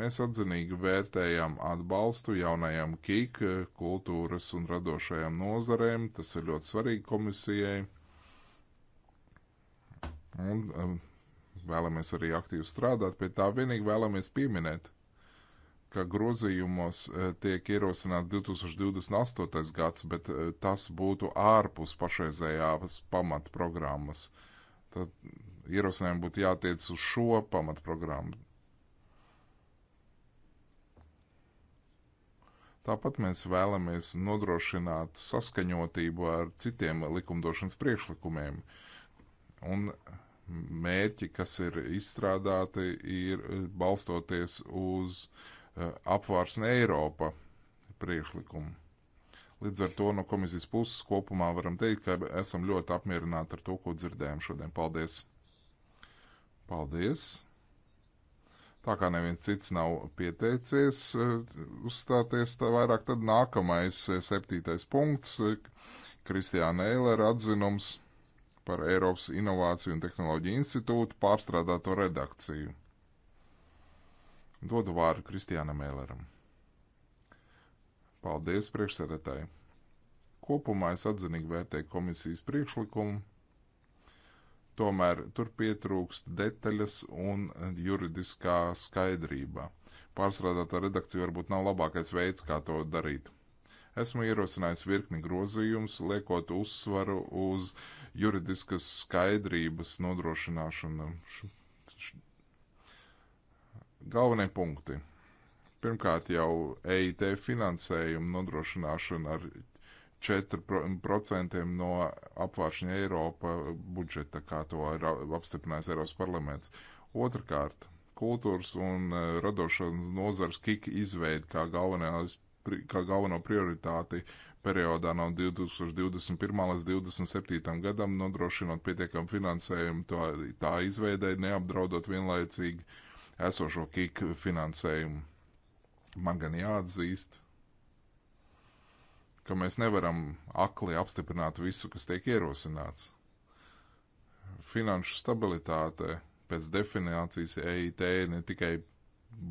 Mēs atzinīgi vērtējam atbalstu jaunajam KIK, kultūras un radošajām nozarēm, tas ir ļoti svarīgi komisijai. Un um, vēlamies arī aktīvi strādāt pie tā, vienīgi vēlamies pieminēt, ka grozījumos e, tiek ierosināts 2028. gads, bet e, tas būtu ārpus pašreizējās pamatprogrammas. Tad ierosinājumi būtu jātiec uz šo pamatprogrammu. Tāpat mēs vēlamies nodrošināt saskaņotību ar citiem likumdošanas priekšlikumiem. Un mērķi, kas ir izstrādāti, ir balstoties uz uh, Eh, apvārsne Eiropa priekšlikumu. Līdz ar to no komisijas puses kopumā varam teikt, ka esam ļoti apmierināti ar to, ko dzirdējām šodien. Paldies! Paldies! Tā kā neviens cits nav pieteicies eh, uzstāties, tā vairāk tad nākamais eh, septītais punkts - Kristiāna Eilera atzinums par Eiropas Inovāciju un Tehnoloģiju institūtu pārstrādāto redakciju. Dodu vārdu Kristiānam Mēleram. Paldies priekšsēdētāji. Kopumā es atzinīgi vērtēju komisijas priekšlikumu, tomēr tur pietrūkst detaļas un juridiskā skaidrība. Pārstrādāta redakcija varbūt nav labākais veids, kā to darīt. Esmu ierosinājis virkni grozījumus, liekot uzsvaru uz juridiskas skaidrības nodrošināšanu Galvenie punkti. Pirmkārt, jau EIT finansējumu nodrošināšana ar 4% no apvāršņa Eiropa budžeta, kā to ir apstiprinājis Eiropas parlaments. Otrakārt, kultūras un e, radošanas nozars kik izveid kā, galvenās, kā galveno prioritāti periodā no 2021. līdz 2027. gadam, nodrošinot pietiekamu finansējumu tā, tā izveidēji, neapdraudot vienlaicīgi uh, esošo KIK finansējumu. Man gan jāatzīst, ka mēs nevaram akli apstiprināt visu, kas tiek ierosināts. Finanšu stabilitāte pēc definīcijas EIT ne tikai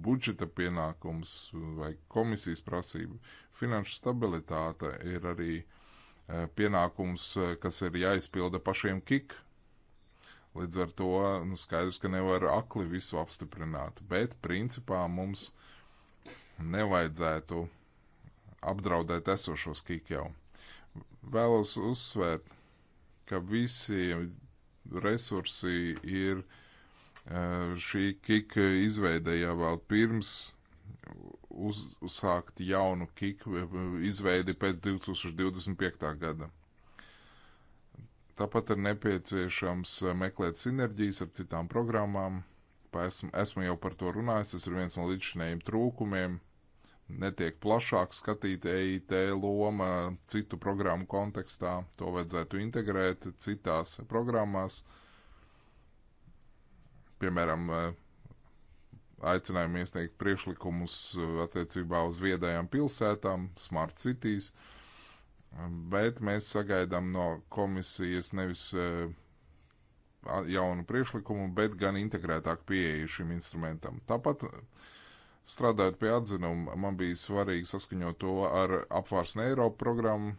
budžeta pienākums vai komisijas prasība. Finanšu stabilitāte ir arī eh, pienākums, eh, kas ir jāizpilda pašiem KIK Līdz ar to nu, skaidrs, ka nevar akli visu apstiprināt, bet principā mums nevajadzētu apdraudēt esošos kik jau. Vēlos uzsvērt, ka visi resursi ir e, šī kika izveide jau vēl pirms uz, uzsākt jaunu kiku izveidi pēc 2025. gada. Tāpat ir nepieciešams eh, meklēt sinerģijas ar citām programmām. Pa esmu, esmu jau par to runājis, tas ir viens no līdzšinējiem trūkumiem. Netiek plašāk skatīt EIT loma citu programmu kontekstā. To vajadzētu integrēt citās programmās. Piemēram, eh, aicinājumu iesniegt priekšlikumus eh, attiecībā uz viedajām pilsētām, smart cities. Uh, Um, bet mēs sagaidām no komisijas nevis uh, jaunu priekšlikumu, bet gan integrētāku pieeju šim instrumentam. Tāpat uh, strādājot pie atzinuma, man bija svarīgi saskaņot to ar apvārsne Eiropu programmu.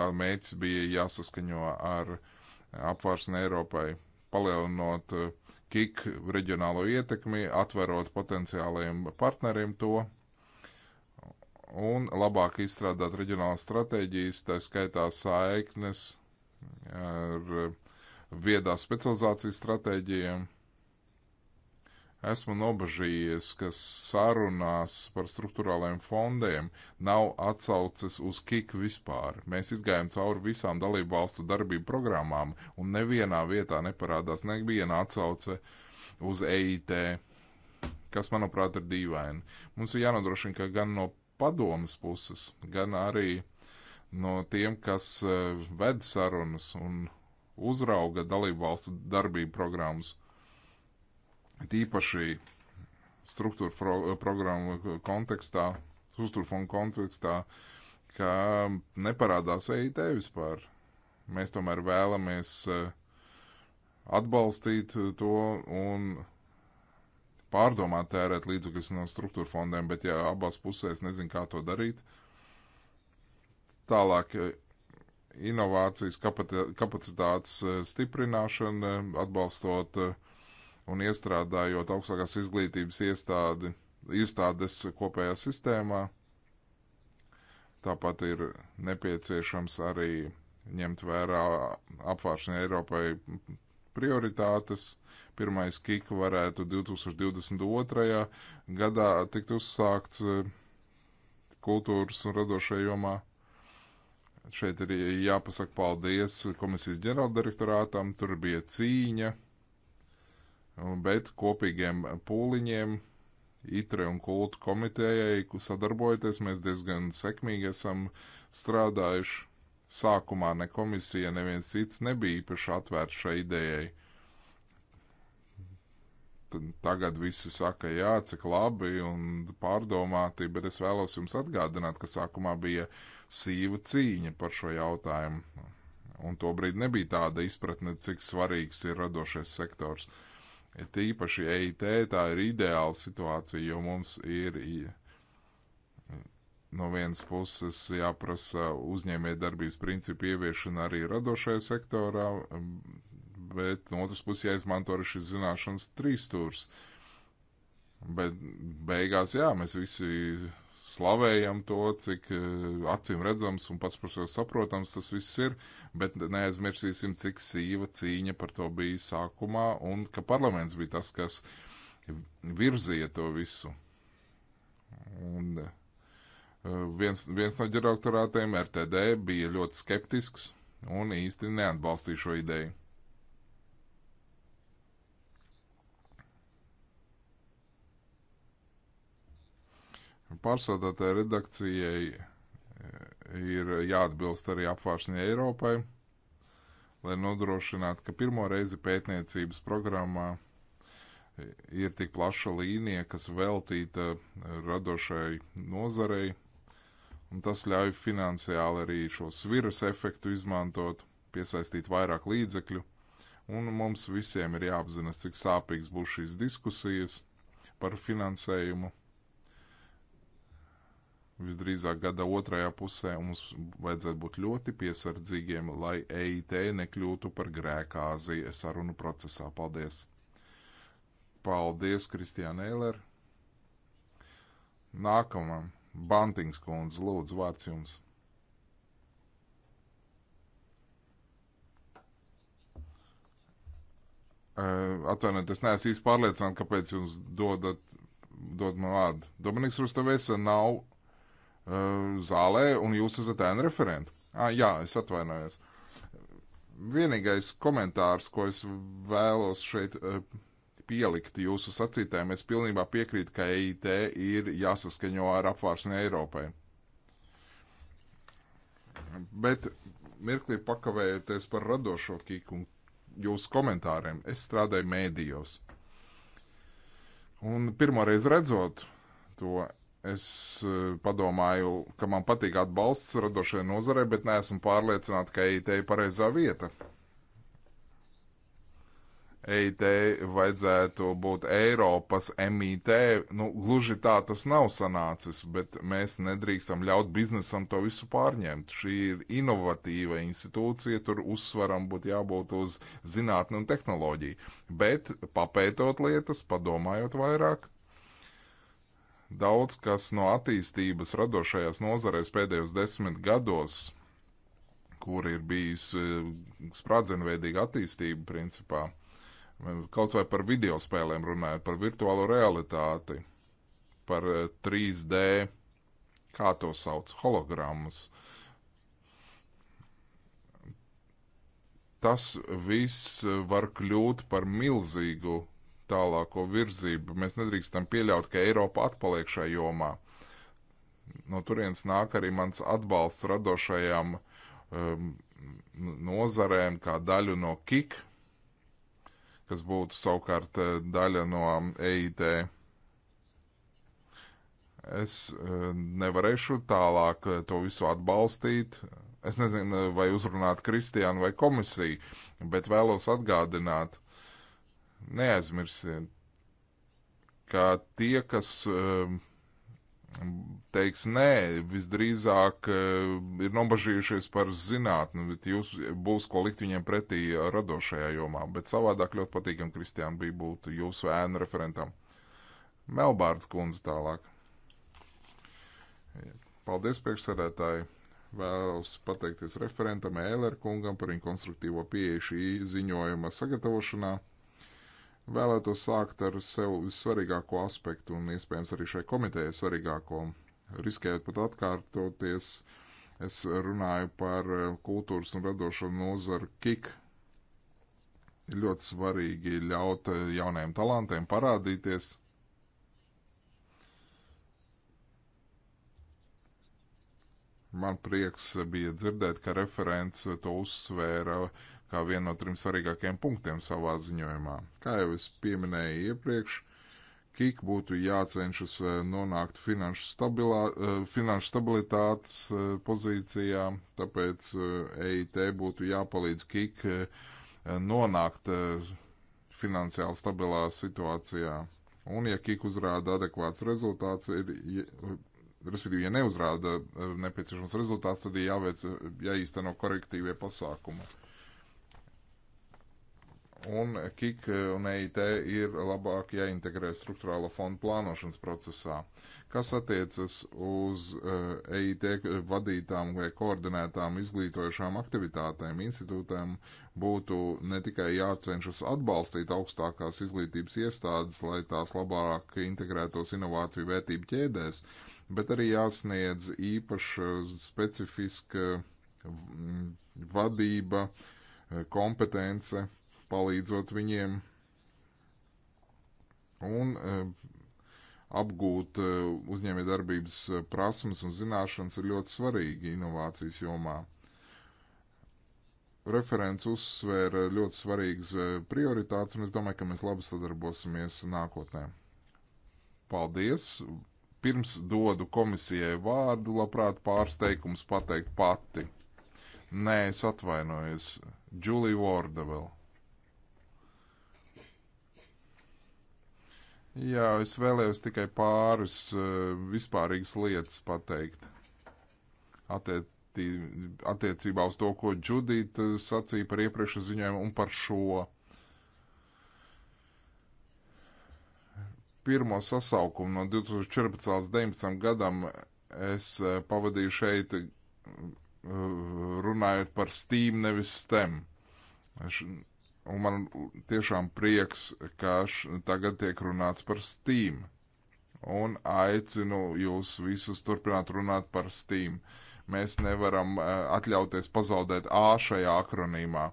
Tā mērķis bija jāsaskaņo ar apvārsne Eiropai, palielinot KIK uh, reģionālo ietekmi, atverot potenciālajiem partneriem to, un labāk izstrādāt reģionālas stratēģijas, tā skaitā saiknes ar viedā specializācijas stratēģijām. Esmu nobažījies, ka sarunās par struktūrālajiem fondiem nav atsauces uz kiku vispār. Mēs izgājām cauri visām dalību valstu darbību programmām, un nevienā vietā neparādās neviena atsauce uz EIT, kas, manuprāt, ir dīvaini. Mums ir jānodrošina, ka gan no padomas puses, gan arī no tiem, kas e, ved sarunas un uzrauga dalību valstu darbību programmas. Tīpaši struktūra pro e, programmu kontekstā, struktūra fondu kontekstā, ka neparādās EIT vispār. Mēs tomēr vēlamies e, atbalstīt to un pārdomāt tērēt līdzekļus no struktūra fondiem, bet ja abās pusēs nezin, kā to darīt, tālāk e, inovācijas kapacitātes e, stiprināšana, atbalstot e, un iestrādājot augstākās izglītības iestādi, iestādes kopējā sistēmā. Tāpat ir nepieciešams arī ņemt vērā apvāršana Eiropai prioritātes Pirmais kika varētu 2022. gadā tikt uzsākts eh, kultūras un radošajā jomā. Šeit ir jāpasaka paldies komisijas ģenerāldirektorātam, tur bija cīņa, bet kopīgiem pūliņiem ITRE un kultu komitējai sadarbojoties, mēs diezgan sekmīgi esam strādājuši. Sākumā ne komisija, neviens cits nebija īpaši atvērts šai idejai tagad visi saka, jā, cik labi un pārdomāti, bet es vēlos jums atgādināt, ka sākumā bija sīva cīņa par šo jautājumu. Un tobrīd nebija tāda izpratne, cik svarīgs ir radošais sektors. Et īpaši EIT tā ir ideāla situācija, jo mums ir no vienas puses jāprasa uzņēmē darbības principu ieviešana arī radošajā sektorā, bet no otras puses jāizmanto arī šis zināšanas trīsstūrs. Bet beigās, jā, mēs visi slavējam to, cik eh, acīm redzams un pats par sevi saprotams tas viss ir, bet neaizmirsīsim, cik sīva cīņa par to bija sākumā un ka parlaments bija tas, kas virzīja to visu. Un, eh, viens, viens no ģenerāldirektorātiem, RTD, bija ļoti skeptisks un īsti neatbalstīja šo ideju. Pārstrādātai redakcijai e, ir jāatbilst arī apvāršanai Eiropai, lai nodrošinātu, ka pirmo reizi pētniecības programmā e, ir tik plaša līnija, kas veltīta radošai nozarei, un tas ļauj finansiāli arī šo sviras efektu izmantot, piesaistīt vairāk līdzekļu, un mums visiem ir jāapzinas, cik sāpīgs būs šīs diskusijas par finansējumu visdrīzāk gada otrajā pusē mums vajadzētu būt ļoti piesardzīgiem, lai EIT nekļūtu par grēkāzi sarunu procesā. Paldies! Paldies, Kristiāna Eiler! Nākamam, Bantings kundze, lūdzu, vārds jums! Atvainojiet, es neesmu īsti pārliecināts, kāpēc jūs dodat, dod man vārdu. Dominiks Rustavesa nav Ehm, zālē, un jūs esat ēna referenti. Ah, jā, es atvainojos. Vienīgais komentārs, ko es vēlos šeit eh, pielikt jūsu sacītēm, es pilnībā piekrītu, ka EIT ir jāsaskaņo ar apvārsni Eiropai. Bet mirklī pakavējoties par radošo kiku un jūsu komentāriem, es strādāju mēdījos. Un pirmoreiz redzot to Es eh, padomāju, ka man patīk atbalsts radošajai nozarei, bet neesmu pārliecināta, ka EIT ir pareizā vieta. EIT vajadzētu būt Eiropas MIT. Nu, gluži tā tas nav sanācis, bet mēs nedrīkstam ļaut biznesam to visu pārņemt. Šī ir inovatīva institūcija, tur uzsvaram būtu jābūt uz zinātni un tehnoloģiju. Bet papētot lietas, padomājot vairāk, Daudz kas no attīstības radošajās nozarēs pēdējos desmit gados, kur ir bijis e, sprādzenveidīga attīstība principā, kaut vai par videospēlēm runājot, par virtuālo realitāti, par 3D, e, kā to sauc, hologrammas. Tas viss var kļūt par milzīgu tālāko virzību. Mēs nedrīkstam pieļaut, ka Eiropa atpaliek šai jomā. No turienes nāk arī mans atbalsts radošajām um, nozarēm, kā daļu no KIK, kas būtu savukārt uh, daļa no EIT. Es uh, nevarēšu tālāk uh, to visu atbalstīt. Es nezinu, vai uzrunāt Kristiānu vai komisiju, bet vēlos atgādināt, neaizmirsiet, ka tie, kas ehm, teiks nē, visdrīzāk ehm, ir nobažījušies par zinātni, bet jūs būs ko likt viņiem pretī radošajā jomā. Bet savādāk ļoti patīkam, Kristiāna, bija būt jūsu ēnu referentam. Melbārds kundze tālāk. Paldies, priekšsēdētāji! Vēlos pateikties referentam Ēler kungam par viņu konstruktīvo pieeju šī ziņojuma sagatavošanā. Vēlētos sākt ar sev vissvarīgāko aspektu un iespējams arī šai komitejai svarīgāko. Riskējot pat atkārtoties, es runāju par eh, kultūras un radošo nozaru KIK. Ir ļoti svarīgi ļaut eh, jaunajiem talantiem parādīties. Man prieks bija dzirdēt, ka referents to uzsvēra uh, kā vienu no trim svarīgākajiem punktiem savā ziņojumā. Kā jau es pieminēju iepriekš, KIK būtu jācenšas eh, nonākt finanšu, stabilā, eh, finanšu stabilitātes eh, pozīcijā, tāpēc EIT e būtu jāpalīdz KIK nonākt finansiāli stabilā situācijā. Un, ja KIK uzrāda adekvāts rezultāts, ir, respektīvi, ja neuzrāda nepieciešams rezultāts, tad ir jāveic, jāīsteno korektīvie pasākumi un KIK un EIT ir labāk jāintegrē struktūrāla fonda plānošanas procesā. Kas attiecas uz EIT eh, e vadītām vai koordinētām izglītojušām aktivitātēm, institūtēm būtu ne tikai jācenšas atbalstīt augstākās izglītības iestādes, lai tās labāk integrētos inovāciju vērtību ķēdēs, bet arī jāsniedz īpaša specifiska vadība, eh, kompetence palīdzot viņiem un eh, apgūt eh, uzņēmējdarbības eh, prasmes un zināšanas ir ļoti svarīgi inovācijas jomā. Referents uzsvēra ļoti svarīgas prioritātes, un es domāju, ka mēs labi sadarbosimies nākotnē. Paldies! Pirms dodu komisijai vārdu, labprāt pārsteigums pateikt pati. Nē, es atvainojos. Džulija Vorda vēl. Jā, es vēlējos tikai pāris eh, vispārīgas lietas pateikt. Attiecī, attiecībā uz to, ko Džudita eh, sacīja par iepriekšējā ziņojumu un par šo. Pirmo sasaukumu no 2014. līdz 2019. gadam es eh, pavadīju šeit runājot par Steam, nevis STEM. Un man tiešām prieks, ka tagad tiek runāts par Steam. Un aicinu jūs visus turpināt runāt par Steam. Mēs nevaram uh, atļauties pazaudēt ā šajā akronīmā.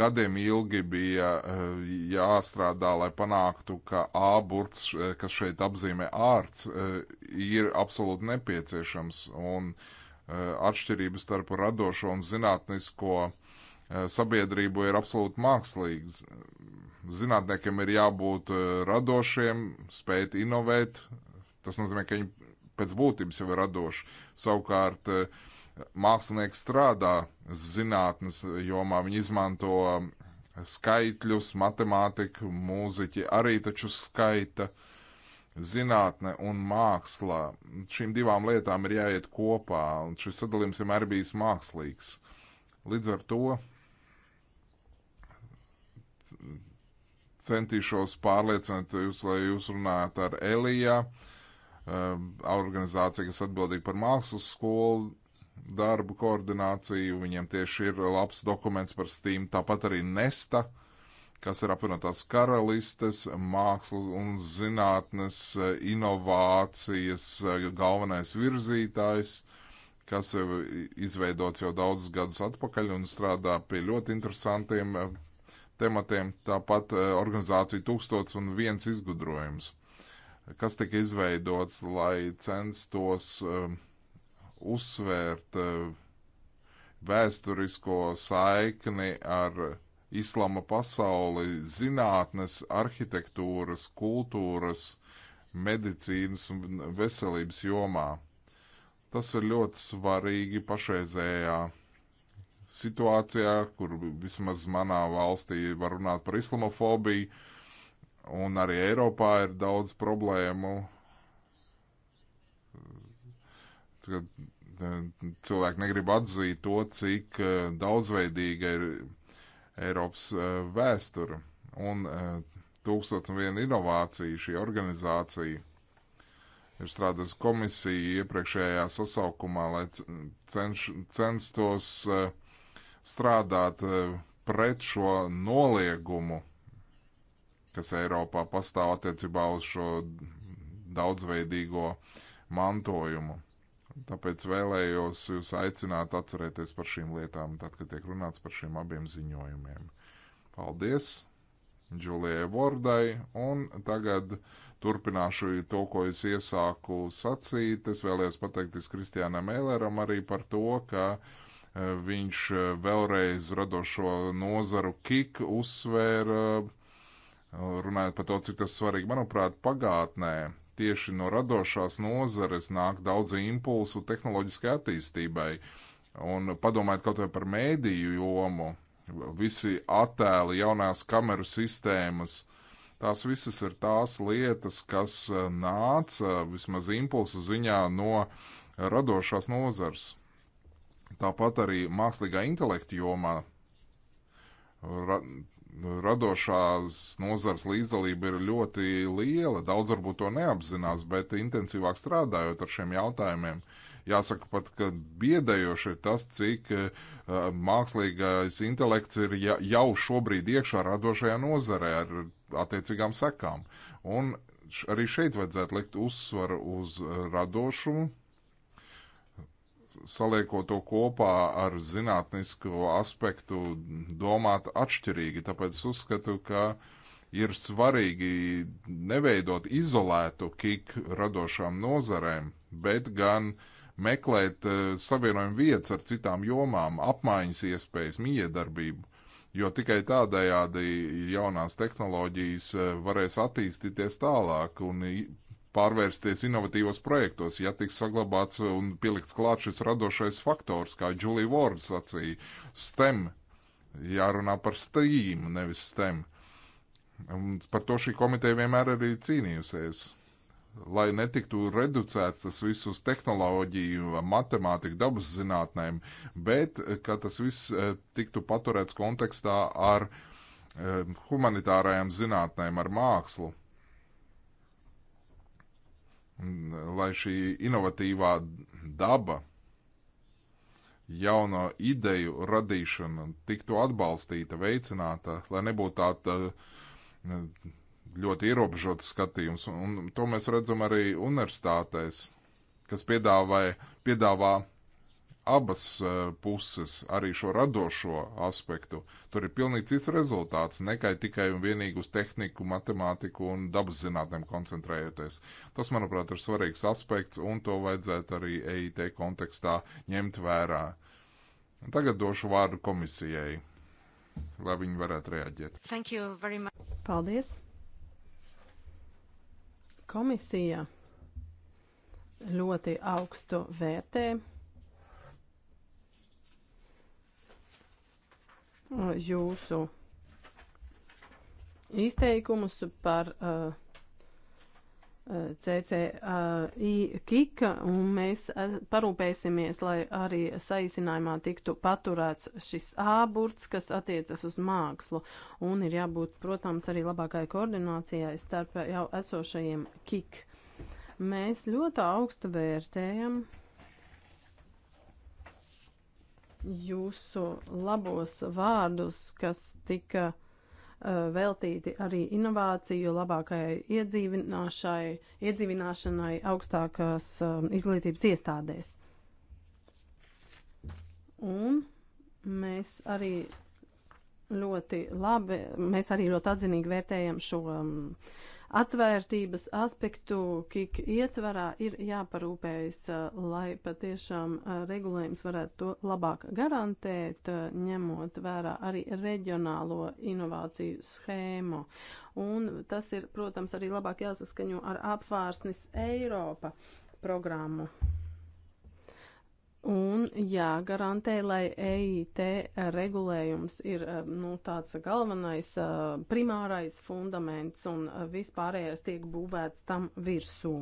Gadiem ilgi bija uh, jāstrādā, lai panāktu, ka ā burts, e, kas šeit apzīmē ārts, uh, ir absolūti nepieciešams. Un atšķirības starp radošo un zinātnisko uh, Eh, sabiedrību ir absolūti mākslīgs. Zinātniekiem ir jābūt eh, radošiem, spēt inovēt. Tas nozīmē, ka viņi pēc būtības jau ir radoši. Savukārt, eh, mākslinieki strādā zinātnes jomā, viņi izmanto skaitļus, matemātiku, mūziķi arī taču skaita. Zinātne un mākslā. Šīm divām lietām ir jāiet kopā, un šis sadalījums vienmēr bijis mākslīgs. Līdz ar to centīšos pārliecināt jūs, lai jūs runājat ar Elija, um, organizācija, kas atbildīga par mākslas skolu darbu koordināciju. Viņiem tieši ir labs dokuments par Steam, tāpat arī Nesta, kas ir apvienotās karalistes mākslas un zinātnes inovācijas galvenais virzītājs kas jau izveidots jau daudzus gadus atpakaļ un strādā pie ļoti interesantiem tematiem, tāpat eh, organizācija tūkstots un viens izgudrojums, kas tika izveidots, lai censtos eh, uzsvērt eh, vēsturisko saikni ar islama pasauli, zinātnes, arhitektūras, kultūras, medicīnas un veselības jomā. Tas ir ļoti svarīgi pašreizējā situācijā, kur vismaz manā valstī var runāt par islamofobiju, un arī Eiropā ir daudz problēmu. Kad e, cilvēki negrib atzīt to, cik e, daudzveidīga ir Eiropas e, vēsture. Un 1001 inovācija šī organizācija ir strādājusi komisija iepriekšējā sasaukumā, lai cenš, censtos uh, strādāt eh, pret šo noliegumu, kas Eiropā pastāv attiecībā uz šo daudzveidīgo mantojumu. Tāpēc vēlējos jūs aicināt atcerēties par šīm lietām, tad, kad tiek runāts par šiem abiem ziņojumiem. Paldies Džulijai Vordai, un tagad turpināšu to, ko es iesāku sacīt. Es vēlējos pateikties Kristiānam Mēlēram arī par to, ka uh, Eh, viņš eh, vēlreiz radošo nozaru kiku uzsvēra, eh, runājot par to, cik tas svarīgi. Manuprāt, pagātnē tieši no radošās nozares nāk daudz impulsu tehnoloģiskai attīstībai. Un padomājiet kaut vai par mēdīju jomu, visi attēli, jaunās kameru sistēmas. Tās visas ir tās lietas, kas nāca vismaz impulsu ziņā no radošās nozars. Tāpat arī mākslīgā intelekta jomā ra, radošās nozars līdzdalība ir ļoti liela. Daudz varbūt to neapzinās, bet intensīvāk strādājot ar šiem jautājumiem, jāsaka pat, ka biedējoši ir tas, cik uh, mākslīgais intelekts ir ja, jau šobrīd iekšā radošajā nozarē ar attiecīgām sekām. Un arī šeit vajadzētu likt uzsvaru uz radošumu saliekot to kopā ar zinātnisko aspektu, domāt atšķirīgi. Tāpēc uzskatu, ka ir svarīgi neveidot izolētu kik radošām nozarēm, bet gan meklēt eh, savienojumu vietas ar citām jomām, apmaiņas iespējas, miedarbību jo tikai tādējādi jaunās tehnoloģijas eh, varēs attīstīties tālāk un pārvērsties inovatīvos projektos, ja tiks saglabāts un pielikts klāt šis radošais faktors, kā Julie Ward sacīja, STEM, jārunā par STEAM, nevis STEM. Un par to šī komiteja vienmēr arī cīnījusies. Lai netiktu reducēts tas viss uz tehnoloģiju, matemātiku, dabas zinātnēm, bet ka tas viss eh, tiktu paturēts kontekstā ar eh, humanitārajām zinātnēm, ar mākslu lai šī inovatīvā daba, jauno ideju radīšana tiktu atbalstīta, veicināta, lai nebūtu tāda eh, ļoti ierobežots skatījums. Un to mēs redzam arī universitātēs, kas piedāvā, piedāvā abas eh, puses, arī šo radošo aspektu, tur ir pilnīgi cits rezultāts, nekā tikai un vienīgi uz tehniku, matemātiku un dabas zinātnēm koncentrējoties. Tas, manuprāt, ir svarīgs aspekts, un to vajadzētu arī EIT kontekstā ņemt vērā. Un tagad došu vārdu komisijai, lai viņi varētu reaģēt. Paldies! Komisija ļoti augstu vērtē Uh, jūsu izteikumus par uh, uh CCI kika, un mēs uh, parūpēsimies, lai arī saīsinājumā tiktu paturēts šis āburts, kas attiecas uz mākslu, un ir jābūt, protams, arī labākai koordinācijai starp jau esošajiem kik. Mēs ļoti augstu vērtējam jūsu labos vārdus, kas tika eh, veltīti arī inovāciju labākajai iedzīvināšanai augstākās eh, izglītības iestādēs. Un mēs arī ļoti labi, mēs arī ļoti atzinīgi vērtējam šo mm, atvērtības aspektu KIK ietvarā ir jāparūpējas, lai patiešām regulējums varētu to labāk garantēt, ņemot vērā arī reģionālo inovāciju schēmu. Un tas ir, protams, arī labāk jāsaskaņo ar apvārsnis Eiropa programmu. Un jāgarantē, lai EIT regulējums ir eh, nu, tāds galvenais, eh, primārais fundaments un eh, vispārējais tiek būvēts tam virsū.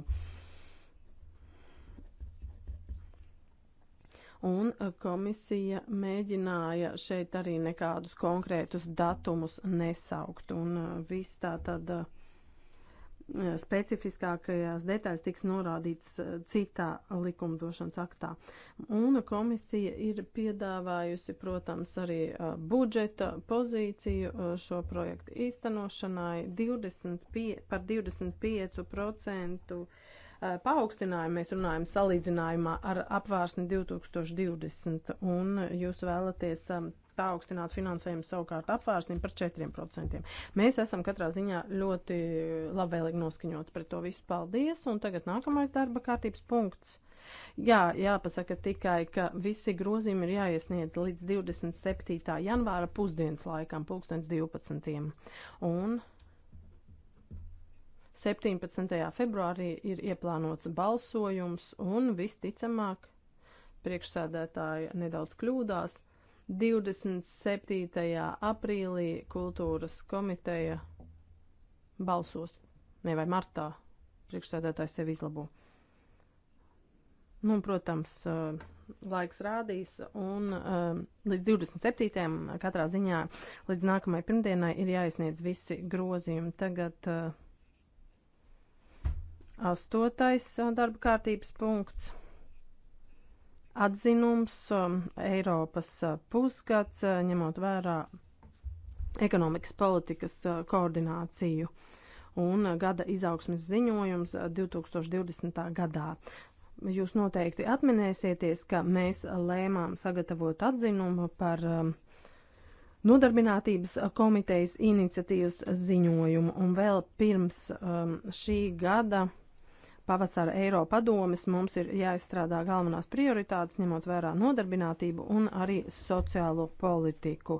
Un komisija mēģināja šeit arī nekādus konkrētus datumus nesaukt. Un viss tā tad. Uh, Eh, specifiskākajās detaļas tiks norādīts eh, citā likumdošanas aktā. Un komisija ir piedāvājusi, protams, arī eh, budžeta pozīciju šo projektu īstenošanai 25, par 25% paaugstinājumu mēs runājam salīdzinājumā ar apvārsni 2020, un jūs vēlaties paaugstināt finansējumu savukārt apvārsnim par 4%. Mēs esam katrā ziņā ļoti labvēlīgi noskaņot pret to visu. Paldies! Un tagad nākamais darba kārtības punkts. Jā, jāpasaka tikai, ka visi grozījumi ir jāiesniedz līdz 27. janvāra pusdienas laikam, 2012. Un 17. februārī ir ieplānots balsojums un visticamāk priekšsēdētāja nedaudz kļūdās, 27. aprīlī kultūras komiteja balsos, ne vai martā, priekšsēdētājs sevi izlabo. Nu, protams, laiks rādīs, un līdz 27. katrā ziņā, līdz nākamajai pirmdienai ir jāizniedz visi grozījumi. Tagad astotais darba kārtības punkts atzinums um, Eiropas uh, pusgads, uh, ņemot vērā ekonomikas politikas uh, koordināciju un gada izaugsmes ziņojums 2020. gadā. Jūs noteikti atminēsieties, ka mēs lēmām sagatavot atzinumu par um, Nodarbinātības komitejas iniciatīvas ziņojumu un vēl pirms um, šī gada uh, pavasara Eiropa padomes mums ir jāizstrādā galvenās prioritātes, ņemot vērā nodarbinātību un arī sociālo politiku.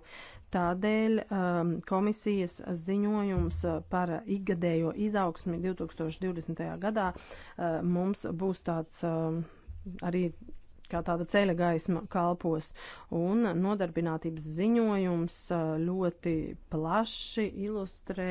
Tādēļ um, komisijas ziņojums uh, par ikgadējo izaugsmi 2020. gadā uh, mums būs tāds um, arī kā tāda ceļa gaisma kalpos, un nodarbinātības ziņojums ļoti plaši ilustrē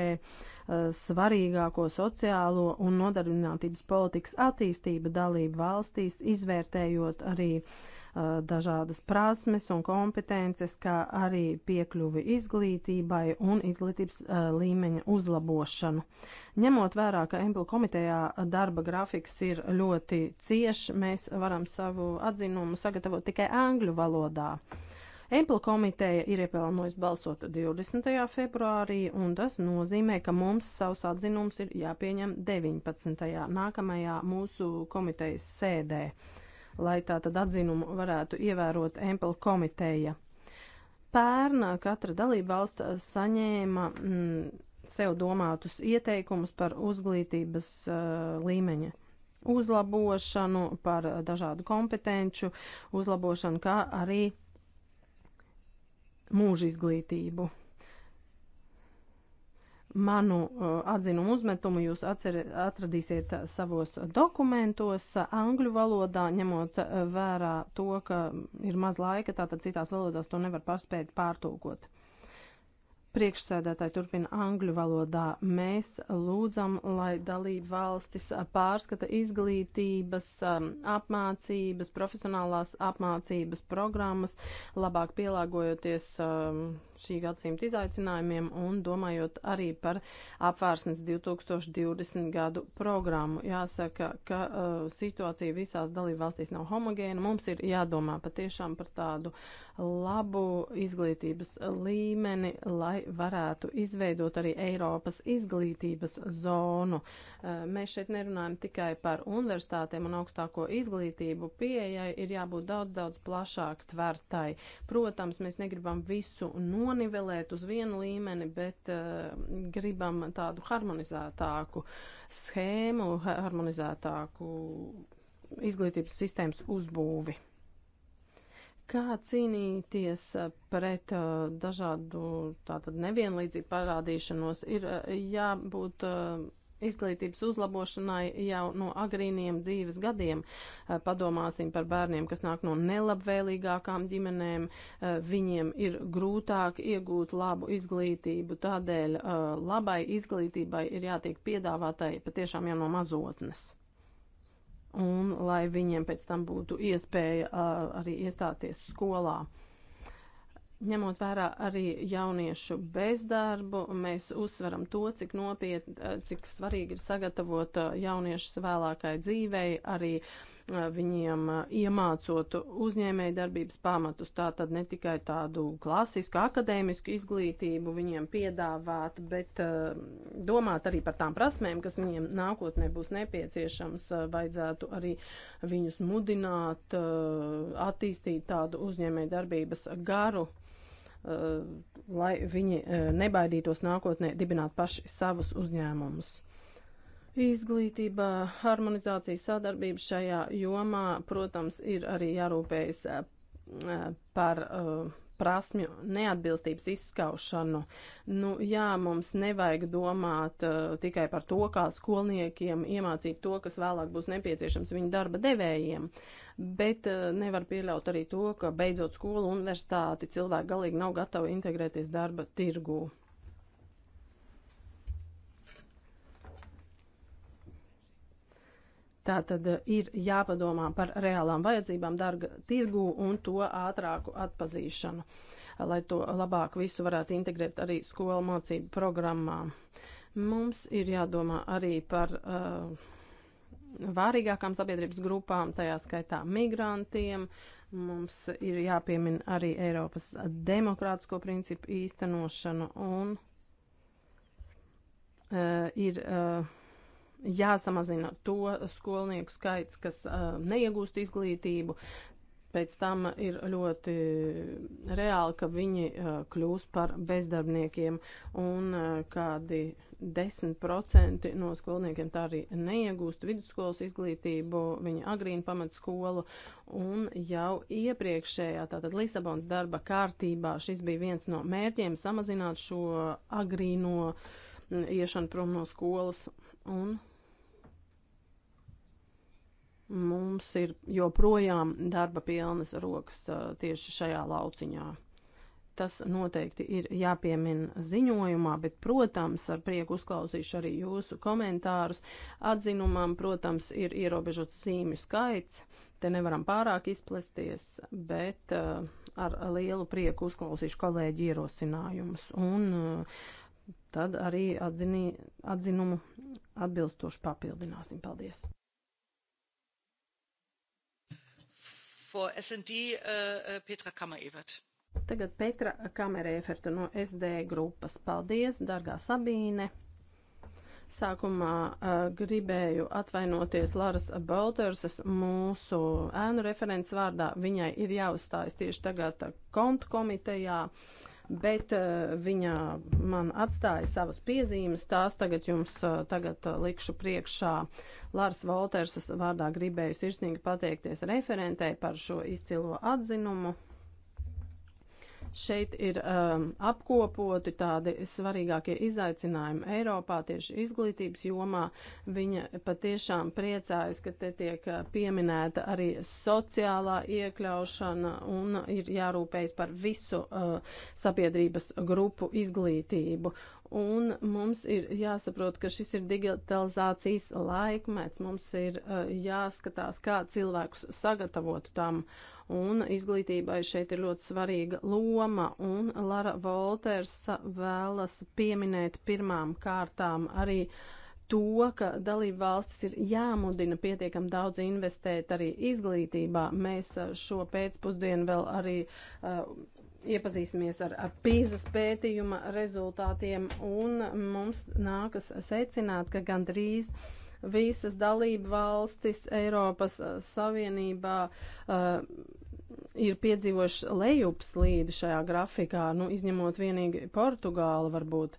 svarīgāko sociālo un nodarbinātības politikas attīstību dalību valstīs, izvērtējot arī uh, dažādas prasmes un kompetences, kā arī piekļuvi izglītībai un izglītības līmeņa uzlabošanu. Ņemot vērā, ka Emplu komitejā darba grafiks ir ļoti cieši, mēs varam savu atzinumu sagatavot tikai angļu valodā. Empla komiteja ir ieplānojusi balsot 20. februārī, un tas nozīmē, ka mums savs atzinums ir jāpieņem 19. nākamajā mūsu komitejas sēdē lai tā tad atzinumu varētu ievērot Empel komiteja. Pērn katra dalība valsts saņēma mm, sev domātus ieteikumus par uzglītības uh, līmeņa uzlabošanu, par dažādu kompetenču uzlabošanu, kā arī mūža izglītību. Manu eh, atzinumu uzmetumu jūs atcer, atradīsiet eh, savos dokumentos eh, angļu valodā, ņemot vērā to, ka ir maz laika, tātad citās valodās to nevar paspēt pārtūkot. Priekšsēdētāji turpina angļu valodā. Mēs lūdzam, lai dalību valstis pārskata izglītības, apmācības, profesionālās apmācības programmas, labāk pielāgojoties šī gadsimta izaicinājumiem un domājot arī par apvērsnes 2020 gadu programmu. Jāsaka, ka uh, situācija visās dalību valstīs nav homogēna. Mums ir jādomā patiešām par tādu labu izglītības līmeni, lai varētu izveidot arī Eiropas izglītības zonu. Uh, mēs šeit nerunājam tikai par universitātiem un augstāko izglītību. Pieejai ir jābūt daudz, daudz plašāk tvērtai. Protams, mēs negribam visu nu nonivelēt uz vienu līmeni, bet uh, gribam tādu harmonizētāku schēmu, harmonizētāku izglītības sistēmas uzbūvi. Kā cīnīties pret uh, dažādu tātad nevienlīdzību parādīšanos, ir uh, jābūt. Uh, izglītības uzlabošanai jau no agrīniem dzīves gadiem. Eh, padomāsim par bērniem, kas nāk no nelabvēlīgākām ģimenēm, eh, viņiem ir grūtāk iegūt labu izglītību, tādēļ eh, labai izglītībai ir jātiek piedāvātai patiešām jau no mazotnes un lai viņiem pēc tam būtu iespēja uh, arī iestāties skolā. Ņemot vērā arī jauniešu bezdarbu, mēs uzsveram to, cik nopietni, cik svarīgi ir sagatavot uh, jauniešus vēlākai dzīvei, arī uh, viņiem uh, iemācot uzņēmēju darbības pamatus, tā tad ne tikai tādu klasisku akadēmisku izglītību viņiem piedāvāt, bet domāt arī par tām prasmēm, kas viņiem nākotnē būs nepieciešams, vajadzētu arī viņus mudināt, attīstīt tādu uzņēmēju darbības garu Uh, lai viņi uh, nebaidītos nākotnē dibināt paši savus uzņēmumus. Izglītībā, harmonizācija, sadarbība šajā jomā, protams, ir arī jārūpējas uh, par uh, prasmju neatbilstības izskaušanu. Nu, jā, mums nevajag domāt uh, tikai par to, kā skolniekiem iemācīt to, kas vēlāk būs nepieciešams viņu darba devējiem, bet uh, nevar pieļaut arī to, ka beidzot skolu universitāti cilvēki galīgi nav gatavi integrēties darba tirgū. Tā tad eh, ir jāpadomā par reālām vajadzībām darga tirgu un to ātrāku atpazīšanu, lai to labāk visu varētu integrēt arī skolu mācību programmā. Mums ir jādomā arī par uh, vārīgākām sabiedrības grupām, tajā skaitā migrantiem. Mums ir jāpiemina arī Eiropas demokrātisko principu īstenošanu un uh, ir. Uh, jāsamazina to skolnieku skaits, kas uh, neiegūst izglītību. Pēc tam ir ļoti reāli, ka viņi uh, kļūs par bezdarbniekiem un uh, kādi 10% no skolniekiem tā arī neiegūst vidusskolas izglītību, viņi agrīni pamet skolu un jau iepriekšējā, tātad Lisabons darba kārtībā, šis bija viens no mērķiem samazināt šo agrīno iešanu prom no skolas un Mums ir joprojām darba pilnas rokas tieši šajā lauciņā. Tas noteikti ir jāpiemina ziņojumā, bet, protams, ar prieku uzklausīšu arī jūsu komentārus. Atzinumam, protams, ir ierobežots zīmju skaits, te nevaram pārāk izplesties, bet uh, ar lielu prieku uzklausīšu kolēģi ierosinājumus un uh, tad arī atzinī, atzinumu atbilstoši papildināsim. Paldies! for S&D uh, äh, äh, Petra Kammer-Evert. Tagad Petra Kamerēferta no SD grupas. Paldies, dargā Sabīne! Sākumā uh, gribēju atvainoties Laras Boltersas mūsu ēnu referents vārdā. Viņai ir jāuzstājas tieši tagad kontu komitejā. Uh, bet eh, viņa man atstāja savas piezīmes, tās tagad jums eh, tagad eh, likšu priekšā. Lārs Voltersas vārdā gribēju sirsnīgi pateikties referentei par šo izcilo atzinumu. Šeit ir um, apkopoti tādi svarīgākie izaicinājumi Eiropā tieši izglītības jomā. Viņa patiešām priecājas, ka te tiek uh, pieminēta arī sociālā iekļaušana un ir jārūpējas par visu uh, sabiedrības grupu izglītību. Un mums ir jāsaprot, ka šis ir digitalizācijas laikmets. Mums ir uh, jāskatās, kā cilvēkus sagatavot tam. Uh, un izglītībai šeit ir ļoti svarīga loma, un Lara Volters vēlas pieminēt pirmām kārtām arī to, ka dalību valstis ir jāmudina pietiekam daudz investēt arī izglītībā. Mēs uh, šo pēcpusdienu vēl arī uh, iepazīsimies ar, ar pīzas pētījuma rezultātiem, un mums nākas secināt, ka gandrīz visas dalību valstis Eiropas uh, Savienībā uh, ir piedzīvojuši lejupslīdi šajā grafikā, nu, izņemot vienīgi Portugālu varbūt.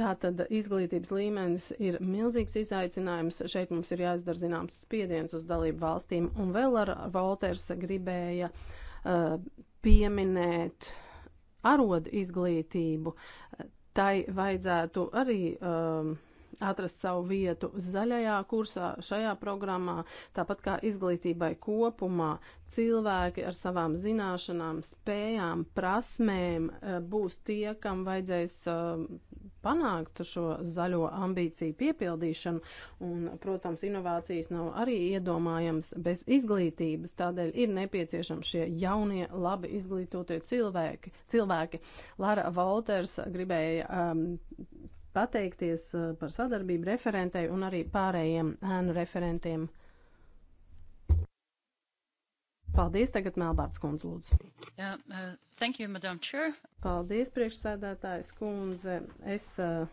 Tātad izglītības līmenis ir milzīgs izaicinājums. Šeit mums ir jāizdara zināms spiediens uz dalību valstīm. Un vēl ar Volters gribēja uh, pieminēt arodu izglītību. Tai vajadzētu arī. Uh, atrast savu vietu zaļajā kursā, šajā programmā, tāpat kā izglītībai kopumā. Cilvēki ar savām zināšanām, spējām, prasmēm eh, būs tie, kam vajadzēs eh, panākt šo zaļo ambīciju piepildīšanu. Un, protams, inovācijas nav arī iedomājams bez izglītības, tādēļ ir nepieciešami šie jaunie, labi izglītotie cilvēki. cilvēki. Lara Volters gribēja um, pateikties eh, par sadarbību referentei un arī pārējiem ēnu referentiem. Paldies, tagad Melbārds kundze lūdzu. Yeah, uh, thank you, Madam Chair. Paldies, priekšsēdētājs kundze. Es uh,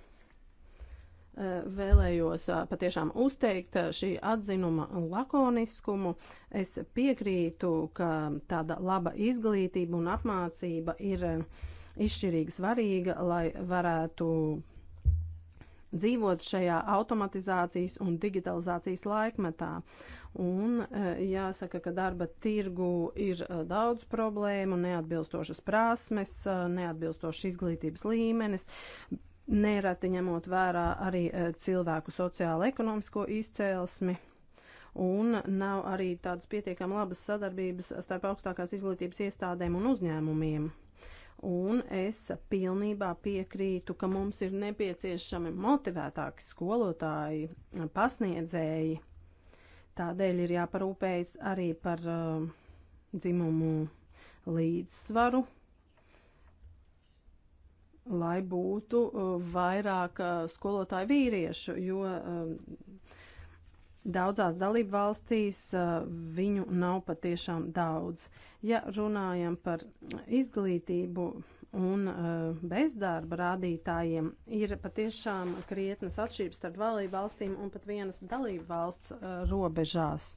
vēlējos patiešām uzteikt šī atzinuma lakoniskumu. Es piekrītu, ka tāda laba izglītība un apmācība ir izšķirīgi svarīga, lai varētu dzīvot šajā automatizācijas un digitalizācijas laikmetā. Un e, jāsaka, ka darba tirgu ir e, daudz problēmu, neatbilstošas prasmes, e, neatbilstošas izglītības līmenis, nereti ņemot vērā arī cilvēku sociālo-ekonomisko izcēlesmi. Un nav arī tādas pietiekami labas sadarbības starp augstākās izglītības iestādēm un uzņēmumiem un es pilnībā piekrītu, ka mums ir nepieciešami motivētāki skolotāji, pasniedzēji. Tādēļ ir jāparūpējas arī par uh, dzimumu līdzsvaru, lai būtu uh, vairāk uh, skolotāju vīriešu, jo uh, Daudzās dalību valstīs viņu nav patiešām daudz. Ja runājam par izglītību un bezdarba rādītājiem, ir patiešām krietnas atšķirības starp dalību valstīm un pat vienas dalību valsts robežās.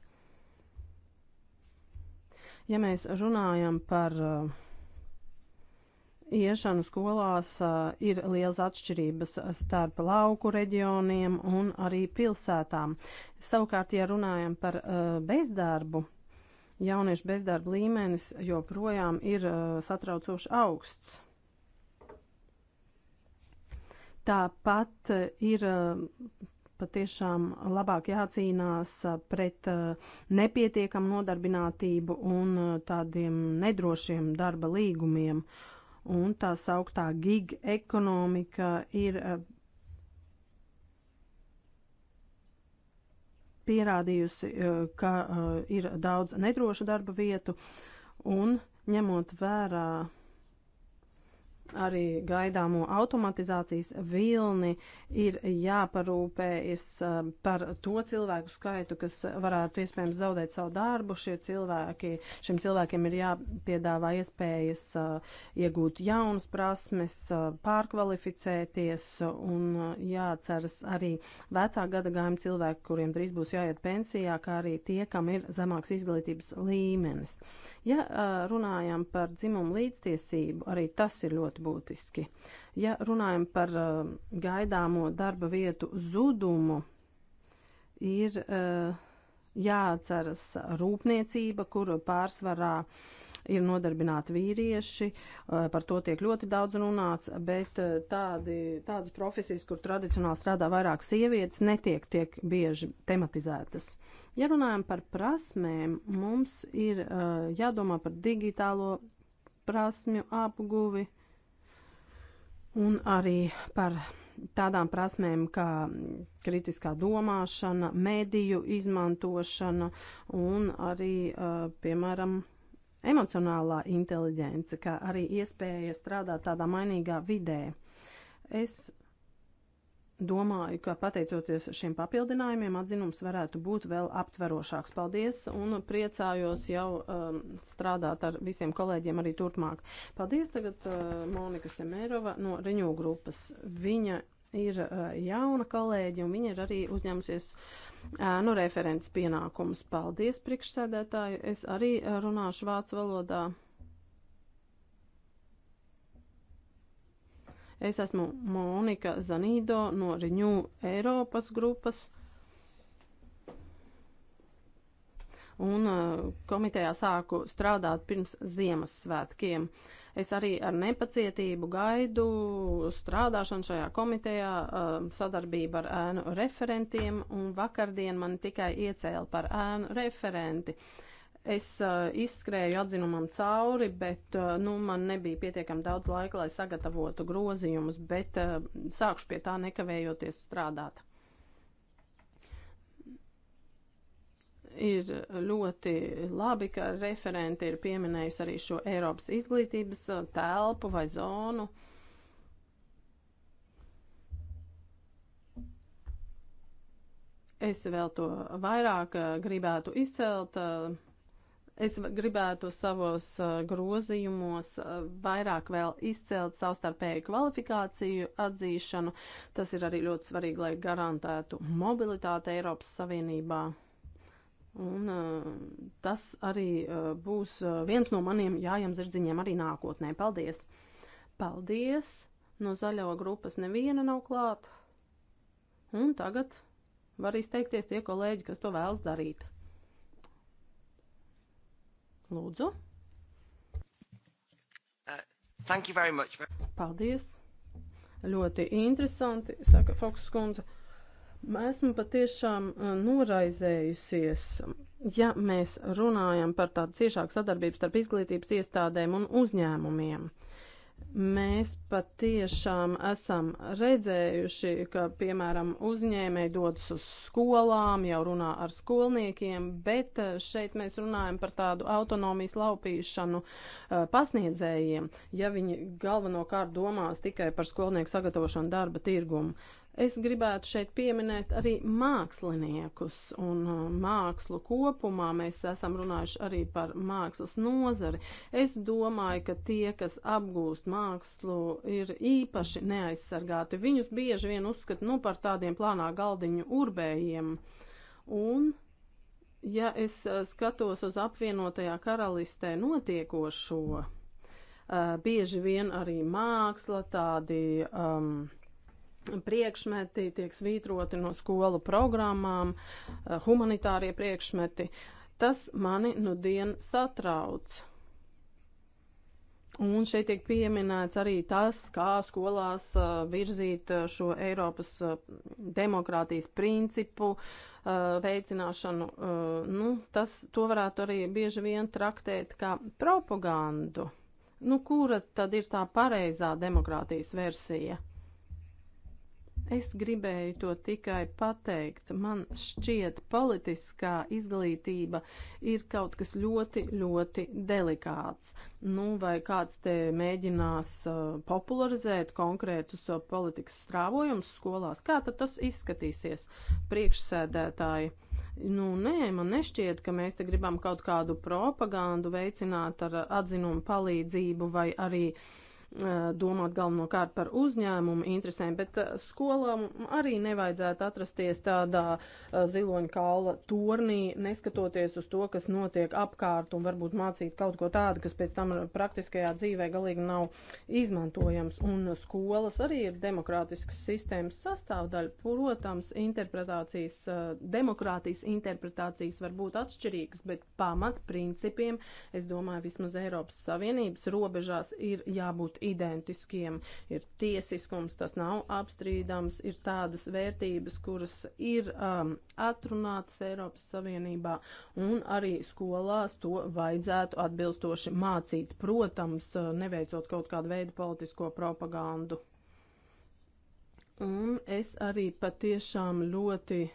Ja mēs runājam par uh, iešanu skolās ir liels atšķirības starp lauku reģioniem un arī pilsētām. Savukārt, ja runājam par bezdarbu, jauniešu bezdarba līmenis joprojām ir satraucoši augsts. Tāpat ir patiešām labāk jācīnās pret nepietiekamu nodarbinātību un tādiem nedrošiem darba līgumiem. Uh, un tā sauktā gig ekonomika ir eh, pierādījusi, eh, ka eh, ir daudz nedrošu darba vietu un ņemot vērā arī gaidāmo automatizācijas vilni, ir jāparūpējas uh, par to cilvēku skaitu, kas varētu iespējams zaudēt savu darbu. Šie cilvēki, šiem cilvēkiem ir jāpiedāvā iespējas uh, iegūt jaunas prasmes, uh, pārkvalificēties un jāceras arī vecā gada gājuma cilvēki, kuriem drīz būs jāiet pensijā, kā arī tie, kam ir zemāks izglītības līmenis. Ja runājam par dzimumu līdztiesību, arī tas ir ļoti ļoti būtiski. Ja runājam par uh, gaidāmo darba vietu zudumu, ir uh, jāatceras rūpniecība, kur pārsvarā ir nodarbināti vīrieši, uh, par to tiek ļoti daudz runāts, bet uh, tādi, tādas profesijas, kur tradicionāli strādā vairāk sievietes, netiek tiek bieži tematizētas. Ja runājam par prasmēm, mums ir uh, jādomā par digitālo prasmju apguvi, un arī par tādām prasmēm kā kritiskā domāšana, mediju izmantošana un arī, piemēram, emocionālā inteliģence, kā arī iespēja strādāt tādā mainīgā vidē. Es domāju, ka pateicoties šiem papildinājumiem, atzinums varētu būt vēl aptverošāks. Paldies un priecājos jau um, strādāt ar visiem kolēģiem arī turpmāk. Paldies tagad uh, Monika Semērova no Reņū grupas. Viņa ir uh, jauna kolēģe un viņa ir arī uzņēmusies uh, nu, referents pienākumus. Paldies priekšsēdētāju. Es arī uh, runāšu vācu valodā. Es esmu Monika Zanīdo no Riņū Eiropas grupas. un uh, komitejā sāku strādāt pirms Ziemassvētkiem. Es arī ar nepacietību gaidu strādāšanu šajā komitejā, uh, sadarbību ar ēnu referentiem, un vakardien man tikai iecēla par ēnu referenti. Uh, Es uh, izskrēju atzinumam cauri, bet uh, nu, man nebija pietiekami daudz laika, lai sagatavotu grozījumus, bet uh, sākšu pie tā nekavējoties strādāt. Ir ļoti labi, ka referenti ir pieminējusi arī šo Eiropas izglītības telpu vai zonu. Es vēl to vairāk gribētu izcelt. Uh, Es gribētu savos uh, grozījumos uh, vairāk vēl izcelt savstarpēju kvalifikāciju atzīšanu. Tas ir arī ļoti svarīgi, lai garantētu mobilitāti Eiropas Savienībā. Un uh, tas arī būs viens no maniem jājam zirdziņiem arī nākotnē. Paldies! Paldies! No zaļo grupas neviena nav klāt. Un tagad var izteikties tie kolēģi, kas to vēlas darīt. Lūdzu. Uh, thank you very much. Paldies. Ļoti interesanti, saka Foks kundze. Esmu patiešām uh, noraizējusies, ja mēs runājam par tādu ciešāku sadarbību starp izglītības iestādēm un uzņēmumiem. Uh, Mēs patiešām esam redzējuši, ka, piemēram, uzņēmēji dodas uz skolām, jau runā ar skolniekiem, bet eh, šeit mēs runājam par tādu autonomijas laupīšanu uh, pasniedzējiem, ja viņi galvenokārt domās tikai par skolnieku sagatavošanu darba tirgumu. Uh, Es gribētu šeit pieminēt arī māksliniekus un uh, mākslu kopumā. Mēs esam runājuši arī par mākslas nozari. Es domāju, ka tie, kas apgūst mākslu, ir īpaši neaizsargāti. Viņus bieži vien uzskata nu, par tādiem plānā galdiņu urbējiem. Un, ja es uh, skatos uz apvienotajā karalistē notiekošo, uh, bieži vien arī māksla tādi. Um, priekšmeti tiek svītroti no skolu programmām, eh, humanitārie priekšmeti. Tas mani nu dien satrauc. Un šeit tiek pieminēts arī tas, kā skolās eh, virzīt eh, šo Eiropas demokrātijas principu veicināšanu. Nu, tas, to varētu arī bieži vien traktēt kā propagandu. Nu, kura tad ir tā pareizā demokrātijas versija? Es gribēju to tikai pateikt. Man šķiet, politiskā izglītība ir kaut kas ļoti, ļoti delikāts. Nu, vai kāds te mēģinās uh, popularizēt konkrētus uh, politikas strāvojumus skolās? Kā tad tas izskatīsies priekšsēdētāji? Nu, nē, man nešķiet, ka mēs te gribam kaut kādu propagandu veicināt ar atzinumu palīdzību vai arī uh, domāt galvenokārt par uzņēmumu interesēm, bet skolām arī nevajadzētu atrasties tādā ziloņa kaula tornī, neskatoties uz to, kas notiek apkārt un varbūt mācīt kaut ko tādu, kas pēc tam praktiskajā dzīvē galīgi nav izmantojams. Un skolas arī ir demokrātiskas sistēmas sastāvdaļa. Protams, interpretācijas, demokrātijas interpretācijas var būt atšķirīgas, bet pamat principiem, es domāju, vismaz Eiropas Savienības robežās ir jābūt jābūt identiskiem. Ir tiesiskums, tas nav apstrīdams, ir tādas vērtības, kuras ir um, atrunātas Eiropas Savienībā, un arī skolās to vajadzētu atbilstoši mācīt, protams, uh, neveicot kaut kādu veidu politisko propagandu. Un es arī patiešām ļoti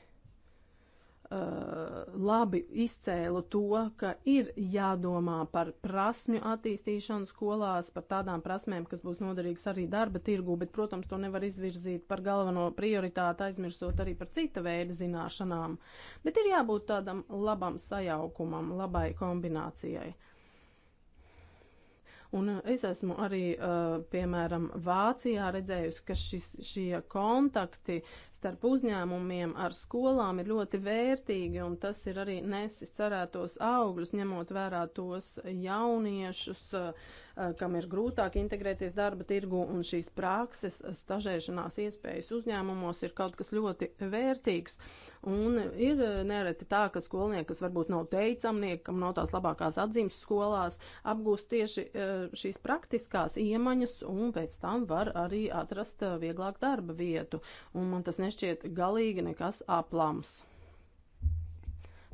Eh, labi izcēlu to, ka ir jādomā par prasmju attīstīšanu skolās, par tādām prasmēm, kas būs noderīgas arī darba tirgū, bet, protams, to nevar izvirzīt par galveno prioritāti, aizmirstot arī par cita veida zināšanām. Bet ir jābūt tādam labam sajaukumam, labai kombinācijai. Un uh, es esmu arī, uh, piemēram, Vācijā redzējusi, ka šis, šie kontakti starp uzņēmumiem ar skolām ir ļoti vērtīgi, un tas ir arī nesis cerētos augļus, ņemot vērā tos jauniešus, uh, Eh, kam ir grūtāk integrēties darba tirgu, un šīs prakses stažēšanās iespējas uzņēmumos ir kaut kas ļoti vērtīgs. Un ir eh, nereti tā, ka skolnieki, kas varbūt nav teicamnieki, kam nav tās labākās atzīmes skolās, apgūst tieši eh, šīs praktiskās iemaņas, un pēc tam var arī atrast vieglāk darba vietu. Un man tas nešķiet galīgi nekas aplams.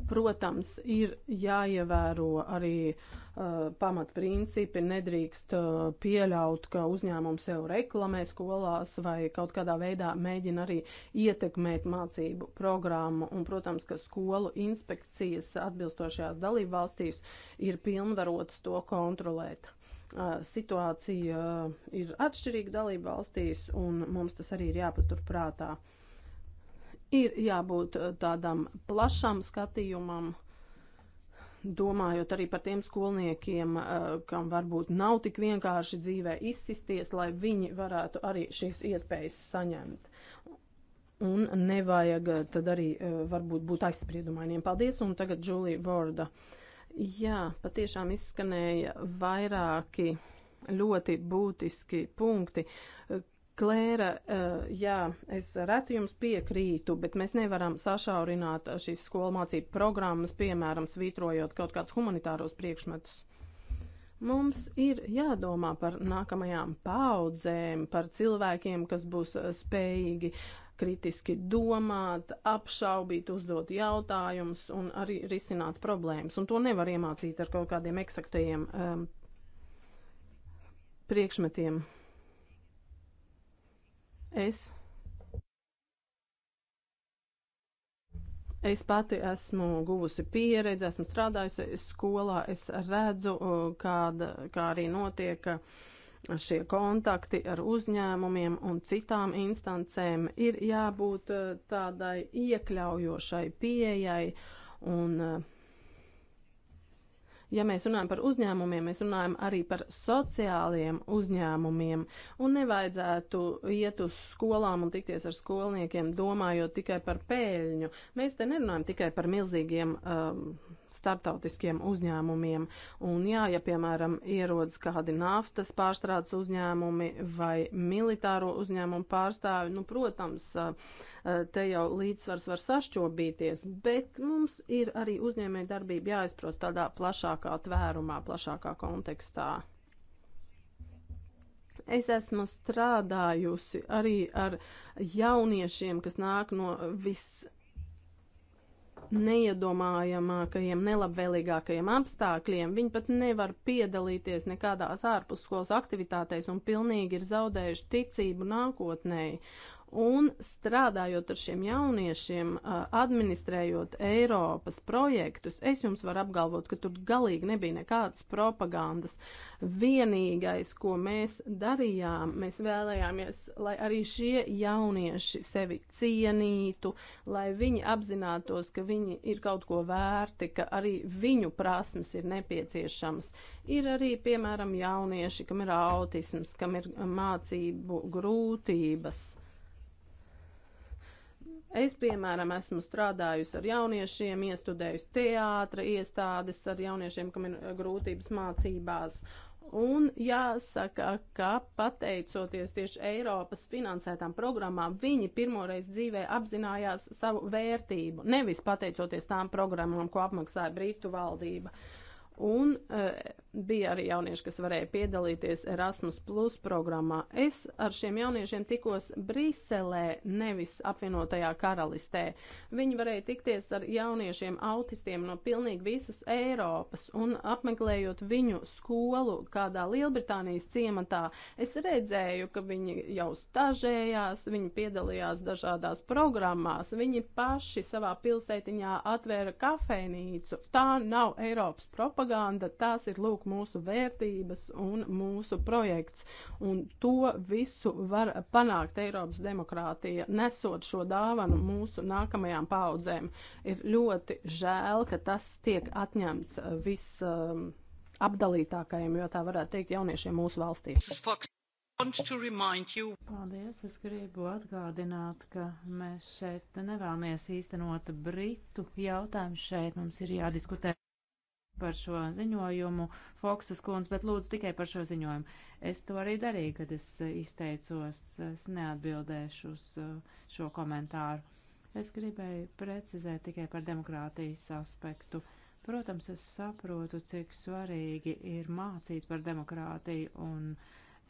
Protams, ir jāievēro arī uh, Eh, pamatprincipi nedrīkst eh, pieļaut, ka uzņēmums sev reklamē skolās vai kaut kādā veidā mēģina arī ietekmēt mācību programmu. Un, protams, ka skolu inspekcijas atbilstošajās dalību valstīs ir pilnvarotas to kontrolēt. Eh, situācija ir atšķirīga dalību valstīs, un mums tas arī ir jāpatur prātā. Ir jābūt tādam plašam skatījumam, uh, domājot arī par tiem skolniekiem, eh, kam varbūt nav tik vienkārši dzīvē izsisties, lai viņi varētu arī šīs iespējas saņemt. Un nevajag eh, tad arī eh, varbūt būt aizspriedumainiem. Paldies, un tagad Džulija Vorda. Jā, patiešām izskanēja vairāki ļoti būtiski punkti, Klēra, eh, jā, es reti jums piekrītu, bet mēs nevaram sašaurināt eh, šīs skolu mācību programmas, piemēram, svītrojot kaut kādus humanitāros priekšmetus. Mums ir jādomā par nākamajām paudzēm, par cilvēkiem, kas būs eh, spējīgi kritiski domāt, apšaubīt, uzdot jautājumus un arī risināt problēmas. Un to nevar iemācīt ar kaut kādiem eksaktajiem um, priekšmetiem. Es Es pati esmu guvusi pieredzi, esmu strādājusi skolā, es redzu, uh, kāda, kā arī notiek uh, šie kontakti ar uzņēmumiem un citām instancēm. Ir jābūt uh, tādai iekļaujošai pieejai un uh, Ja mēs runājam par uzņēmumiem, mēs runājam arī par sociāliem uzņēmumiem. Un nevajadzētu iet uz skolām un tikties ar skolniekiem, domājot tikai par pēļņu. Mēs te nerunājam tikai par milzīgiem um, startautiskiem uzņēmumiem. Un jā, ja piemēram ierodas kādi naftas pārstrādes uzņēmumi vai militāro uzņēmumu pārstāvi, nu, protams, te jau līdzsvars var sašķobīties, bet mums ir arī uzņēmēja darbība jāizprot tādā plašākā tvērumā, plašākā kontekstā. Es esmu strādājusi arī ar jauniešiem, kas nāk no viss neiedomājamākajiem, nelabvēlīgākajiem apstākļiem. Viņi pat nevar piedalīties nekādās ārpusskolas aktivitātēs un pilnīgi ir zaudējuši ticību nākotnēji. Un strādājot ar šiem jauniešiem, administrējot Eiropas projektus, es jums varu apgalvot, ka tur galīgi nebija nekādas propagandas. Vienīgais, ko mēs darījām, mēs vēlējāmies, lai arī šie jaunieši sevi cienītu, lai viņi apzinātos, ka viņi ir kaut ko vērti, ka arī viņu prasmes ir nepieciešamas. Ir arī, piemēram, jaunieši, kam ir autisms, kam ir mācību grūtības. Es, piemēram, esmu strādājusi ar jauniešiem, iestudējusi teātra iestādes ar jauniešiem, kam ir eh, grūtības mācībās. Un jāsaka, ka pateicoties tieši Eiropas finansētām programmām, viņi pirmoreiz dzīvē apzinājās savu vērtību, nevis pateicoties tām programmām, ko apmaksāja Brītu valdība. Uh, Un uh, bija arī jaunieši, kas varēja piedalīties Erasmus Plus programmā. Es ar šiem jauniešiem tikos Briselē, nevis apvienotajā karalistē. Viņi varēja tikties ar jauniešiem autistiem no pilnīgi visas Eiropas un apmeklējot viņu skolu kādā Lielbritānijas ciematā. Es redzēju, ka viņi jau stažējās, viņi piedalījās dažādās programmās, viņi paši savā pilsētiņā atvēra kafejnīcu. Tā nav Eiropas propaganda propaganda, tās ir lūk mūsu vērtības un mūsu projekts. Un to visu var panākt Eiropas demokrātija, nesot šo dāvanu mūsu nākamajām paudzēm. Ir ļoti žēl, ka tas tiek atņemts uh, viss. Um, apdalītākajiem, jo tā varētu teikt, jauniešiem mūsu valstī. Paldies, es gribu atgādināt, ka mēs šeit nevēlamies īstenot Britu jautājumu šeit, mums ir jādiskutē par šo ziņojumu, Foksas kundze, bet lūdzu tikai par šo ziņojumu. Es to arī darīju, kad es eh, izteicos, es neatbildēšu uz eh, šo komentāru. Es gribēju precizēt tikai par demokrātijas aspektu. Protams, es saprotu, cik svarīgi ir mācīt par demokrātiju un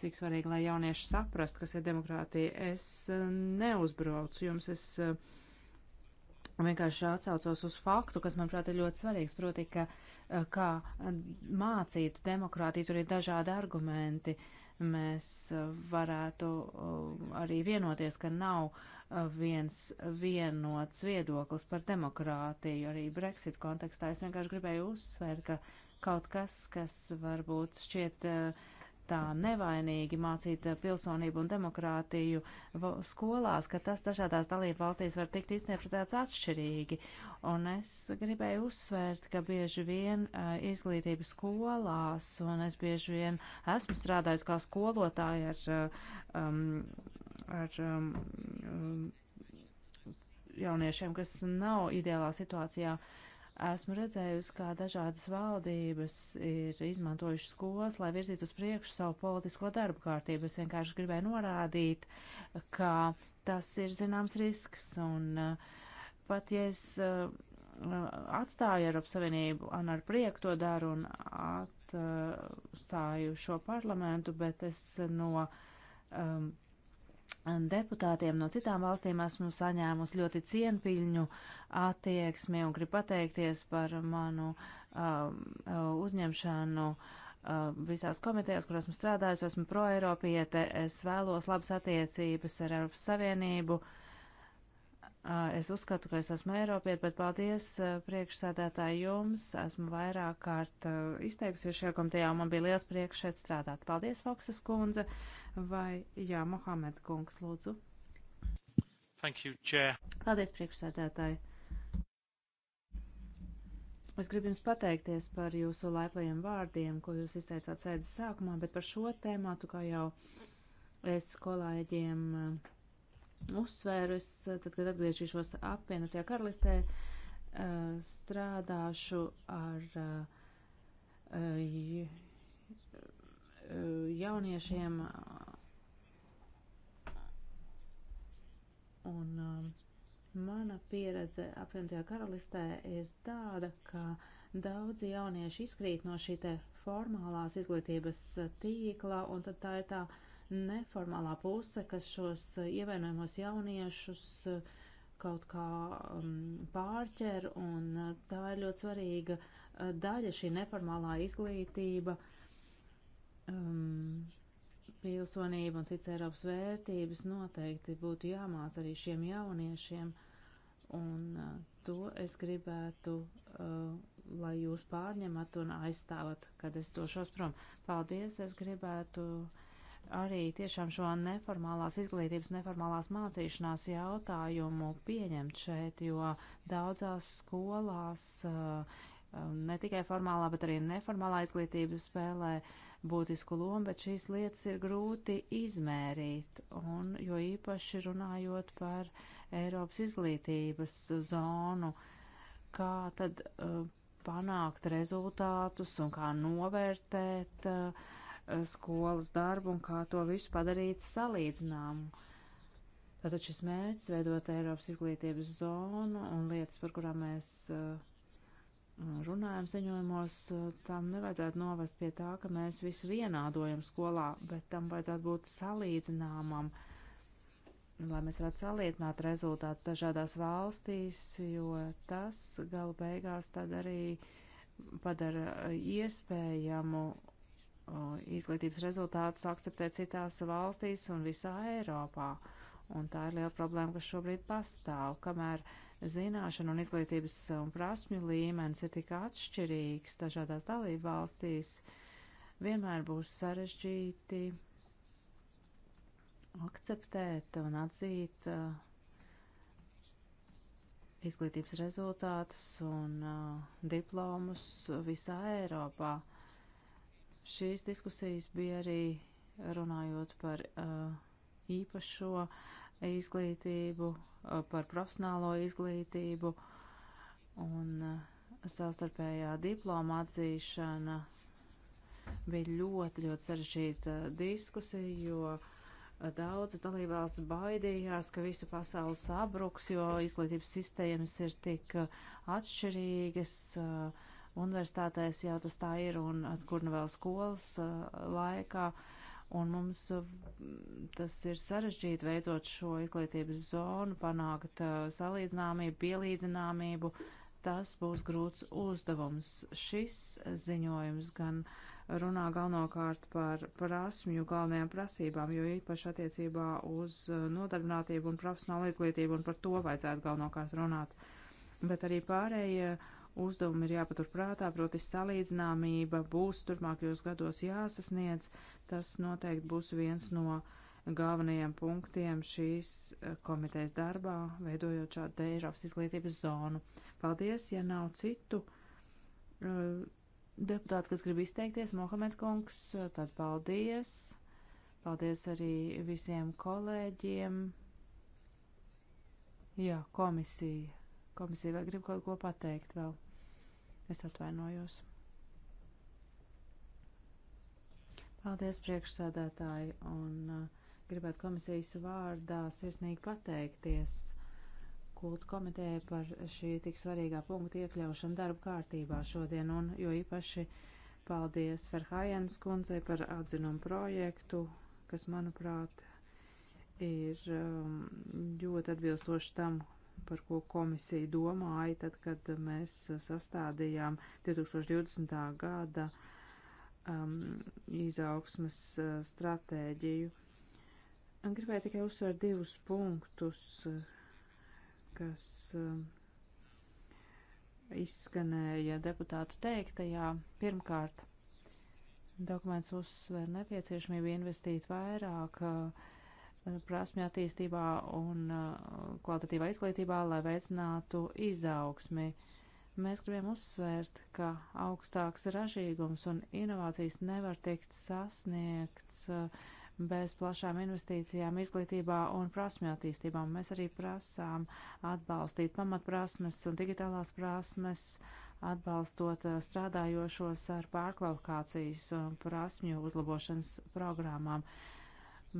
cik svarīgi, lai jaunieši saprast, kas ir demokrātija. Es eh, neuzbraucu jums, es uh, vienkārši atsaucos uz faktu, kas, manuprāt, ir ļoti svarīgs, proti, ka eh, kā mācīt demokrātiju, tur ir dažādi argumenti. Mēs eh, varētu eh, arī vienoties, ka nav viens vienots viedoklis par demokrātiju. Arī Brexit kontekstā es vienkārši gribēju uzsvērt, ka kaut kas, kas varbūt šķiet uh, tā nevainīgi mācīt eh, pilsonību un demokrātiju skolās, ka tas dažādās dalību valstīs var tikt interpretēts atšķirīgi. Un es gribēju uzsvērt, ka bieži vien eh, izglītība skolās, un es bieži vien esmu strādājis kā skolotāja ar, eh, um, ar um, um, jauniešiem, kas nav ideālā situācijā. Uh, Esmu redzējusi, kā dažādas valdības ir izmantojušas skolas, lai virzītu uz priekšu savu politisko darbu kārtību. Es vienkārši gribēju norādīt, ka tas ir zināms risks, un uh, pat ja es uh, atstāju Eiropas Savienību, un ar prieku to daru, un atstāju šo parlamentu, bet es no um, deputātiem no citām valstīm esmu saņēmusi ļoti cienpiļņu attieksmi un gribu pateikties par manu uh, uzņemšanu uh, visās komitejās, kur esmu strādājusi, esmu proeiropiete, es vēlos labas attiecības ar Eiropas Savienību. Uh, Es uzskatu, ka es esmu Eiropiet, bet paldies priekšsēdētāji jums. Esmu vairāk kārt izteikusies šajā komitejā, un man bija liels prieks šeit strādāt. Paldies, Foksas kundze, vai Jā, Mohamed kungs, lūdzu. Thank you, Chair. Paldies, priekšsēdētāji. Es gribu jums pateikties par jūsu laiplajiem vārdiem, ko jūs izteicāt sēdes sākumā, bet par šo tēmātu, kā jau es kolēģiem uh, uzsvēru, es eh, tad, kad atgriežīšos apvienotajā karalistē, eh, strādāšu ar eh, jauniešiem un mana pieredze apvienotajā karalistē ir tāda, ka daudzi jaunieši izkrīt no šī te formālās izglītības tīkla, un tad tā ir tā uh, neformālā puse, kas šos eh, ievainojumos jauniešus eh, kaut kā mm, pārķer, un eh, tā ir ļoti svarīga daļa šī neformālā izglītība. Um, pilsonība un cits Eiropas vērtības noteikti būtu jāmāc arī šiem jauniešiem, un uh, to es gribētu, uh, lai jūs pārņemat un aizstāvat, kad es došos prom. Paldies, es gribētu arī tiešām šo neformālās izglītības, neformālās mācīšanās jautājumu pieņemt šeit, jo daudzās skolās uh, um, ne tikai formālā, bet arī neformālā izglītība spēlē būtisku lomu, bet šīs lietas ir grūti izmērīt, un jo īpaši runājot par Eiropas izglītības zonu, kā tad uh, panākt rezultātus un kā novērtēt uh, Eh, skolas darbu un kā to visu padarīt salīdzināmu. Tātad šis mērķis veidot Eiropas izglītības zonu un lietas, par kurām mēs eh, runājam ziņojumos, eh, tam nevajadzētu novest pie tā, ka mēs visu vienādojam skolā, bet tam vajadzētu būt salīdzināmam lai mēs varētu salīdzināt rezultātus dažādās valstīs, jo tas galu beigās tad arī padara iespējamu izglītības rezultātus akceptē citās valstīs un visā Eiropā. Un tā ir liela problēma, kas šobrīd pastāv. Kamēr zināšanu un izglītības un prasmju līmenis ir tik atšķirīgs dažādās dalību valstīs, vienmēr būs sarežģīti akceptēt un atzīt uh, izglītības rezultātus un uh, diplomus visā Eiropā. Uh, Šīs diskusijas bija arī runājot par uh, īpašo izglītību, uh, par profesionālo izglītību un uh, savstarpējā diploma atzīšana bija ļoti, ļoti sarežģīta diskusija, jo uh, daudzas dalībās baidījās, ka visa pasaule sabruks, jo izglītības sistēmas ir tik uh, atšķirīgas. Uh, universitātēs jau tas tā ir un atkurna vēl skolas uh, laikā. Un mums uh, tas ir sarežģīti veidot šo izglītības zonu, panākt uh, salīdzināmību, pielīdzināmību. Tas būs grūts uzdevums. Šis ziņojums gan runā galvenokārt par prasmju galvenajām prasībām, jo īpaši attiecībā uz nodarbinātību un profesionālu izglītību un par to vajadzētu galvenokārt runāt. Bet arī pārējie uh, uzdevumi ir jāpatur prātā, proti salīdzināmība būs turpmākajos gados jāsasniedz. Tas noteikti būs viens no galvenajiem punktiem šīs eh, komitejas darbā, veidojot šādu Eiropas izglītības zonu. Paldies, ja nav citu eh, deputāti, kas grib izteikties, Mohamed Kungs, eh, tad paldies. Paldies arī visiem kolēģiem. Jā, komisija. Komisija vēl grib kaut ko pateikt vēl. Es atvainojos. Paldies priekšsādātāji un uh, gribētu komisijas vārdā sirsnīgi pateikties kultu komitēja par šī tik svarīgā punkta iekļaušanu darba kārtībā šodien un jo īpaši paldies Ferhājienas kundzei par atzinumu projektu, kas manuprāt ir um, ļoti atbilstoši tam, par ko komisija domāja, tad, kad mēs sastādījām 2020. gada um, izaugsmas uh, stratēģiju. Gribēju tikai uzsvērt divus punktus, kas um, izskanēja deputātu teiktajā. Pirmkārt, dokuments uzsver nepieciešamību investīt vairāk uh, prasmju attīstībā un uh, kvalitatīvā izglītībā, lai veicinātu izaugsmi. Mēs gribam uzsvērt, ka augstāks ražīgums un inovācijas nevar tikt sasniegts uh, bez plašām investīcijām izglītībā un prasmju attīstībām. Mēs arī prasām atbalstīt pamatprasmes un digitālās prasmes, atbalstot uh, strādājošos ar pārkvalifikācijas un prasmju uzlabošanas programmām. Uh,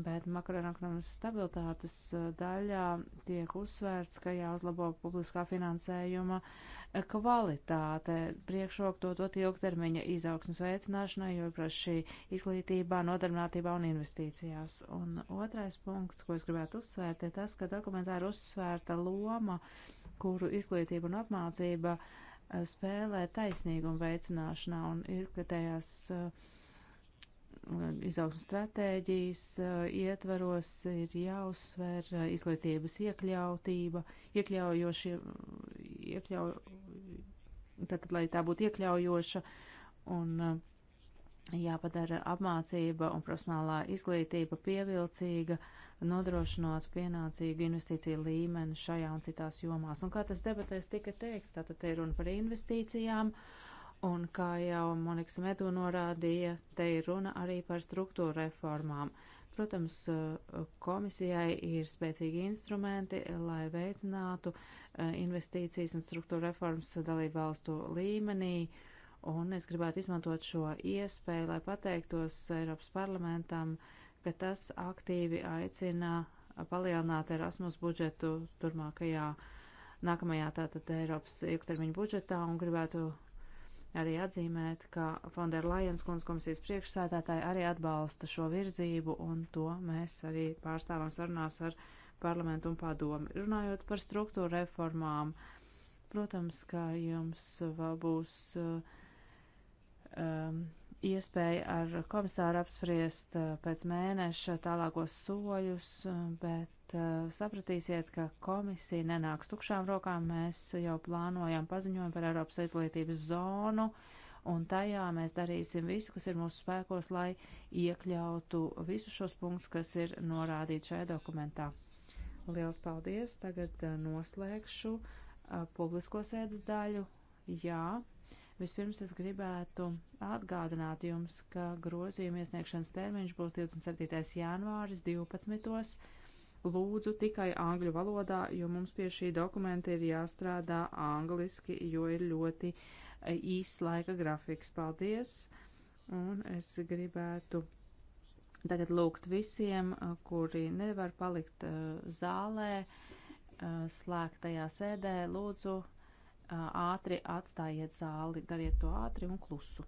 bet makroekonomikas stabilitātes eh, daļā tiek uzsvērts, ka jāuzlabo publiskā finansējuma eh, kvalitāte, priekšrok to dot ilgtermiņa izaugsmas veicināšanai, jo īpaši šī izglītībā, nodarbinātībā un investīcijās. Un otrais punkts, ko es gribētu uzsvērt, ir tas, ka dokumentā ir uzsvērta loma, kuru izglītība un apmācība eh, spēlē taisnīguma veicināšanā un izglītējās uh, izaugsmas stratēģijas eh, ietvaros ir jāuzsver eh, izglītības iekļautība, iekļaujošie, iekļau, tātad, lai tā būtu iekļaujoša un eh, jāpadara apmācība un profesionālā izglītība pievilcīga, nodrošinot pienācīgu investīciju līmeni šajā un citās jomās. Un kā tas debatēs tika teikts, tātad te ir runa par investīcijām. Uh, Un kā jau Monikas Medu norādīja, te ir runa arī par struktūra reformām. Protams, eh, komisijai ir spēcīgi instrumenti, lai veicinātu eh, investīcijas un struktūra reformas dalību valstu līmenī. Un es gribētu izmantot šo iespēju, lai pateiktos Eiropas parlamentam, ka tas aktīvi aicina palielināt Erasmus budžetu turmākajā, nākamajā tātad Eiropas ilgtermiņa budžetā un gribētu arī atzīmēt, ka Fonderlajens kundz komisijas priekšsētātāji arī atbalsta šo virzību, un to mēs arī pārstāvam sarunās ar parlamentu un padomi. Runājot par struktūra reformām, protams, ka jums vēl būs uh, um, iespēja ar komisāru apspriest uh, pēc mēneša tālākos soļus, uh, bet tad uh, eh, sapratīsiet, ka komisija nenāks tukšām rokām. Mēs jau plānojam paziņojumu par Eiropas izglītības zonu, un tajā mēs darīsim visu, kas ir mūsu spēkos, lai iekļautu visus šos punktus, kas ir norādīti šajā dokumentā. Liels paldies! Tagad uh, noslēgšu uh, publisko sēdes daļu. Jā, vispirms es gribētu atgādināt jums, ka grozījuma iesniegšanas termiņš būs 27. janvāris 12 lūdzu tikai angļu valodā, jo mums pie šī dokumenta ir jāstrādā angliski, jo ir ļoti e, īsts laika grafiks. Paldies! Un es gribētu tagad lūgt visiem, e, kuri nevar palikt e, zālē, slēgtajā sēdē, lūdzu ātri atstājiet zāli, dariet to ātri un klusu.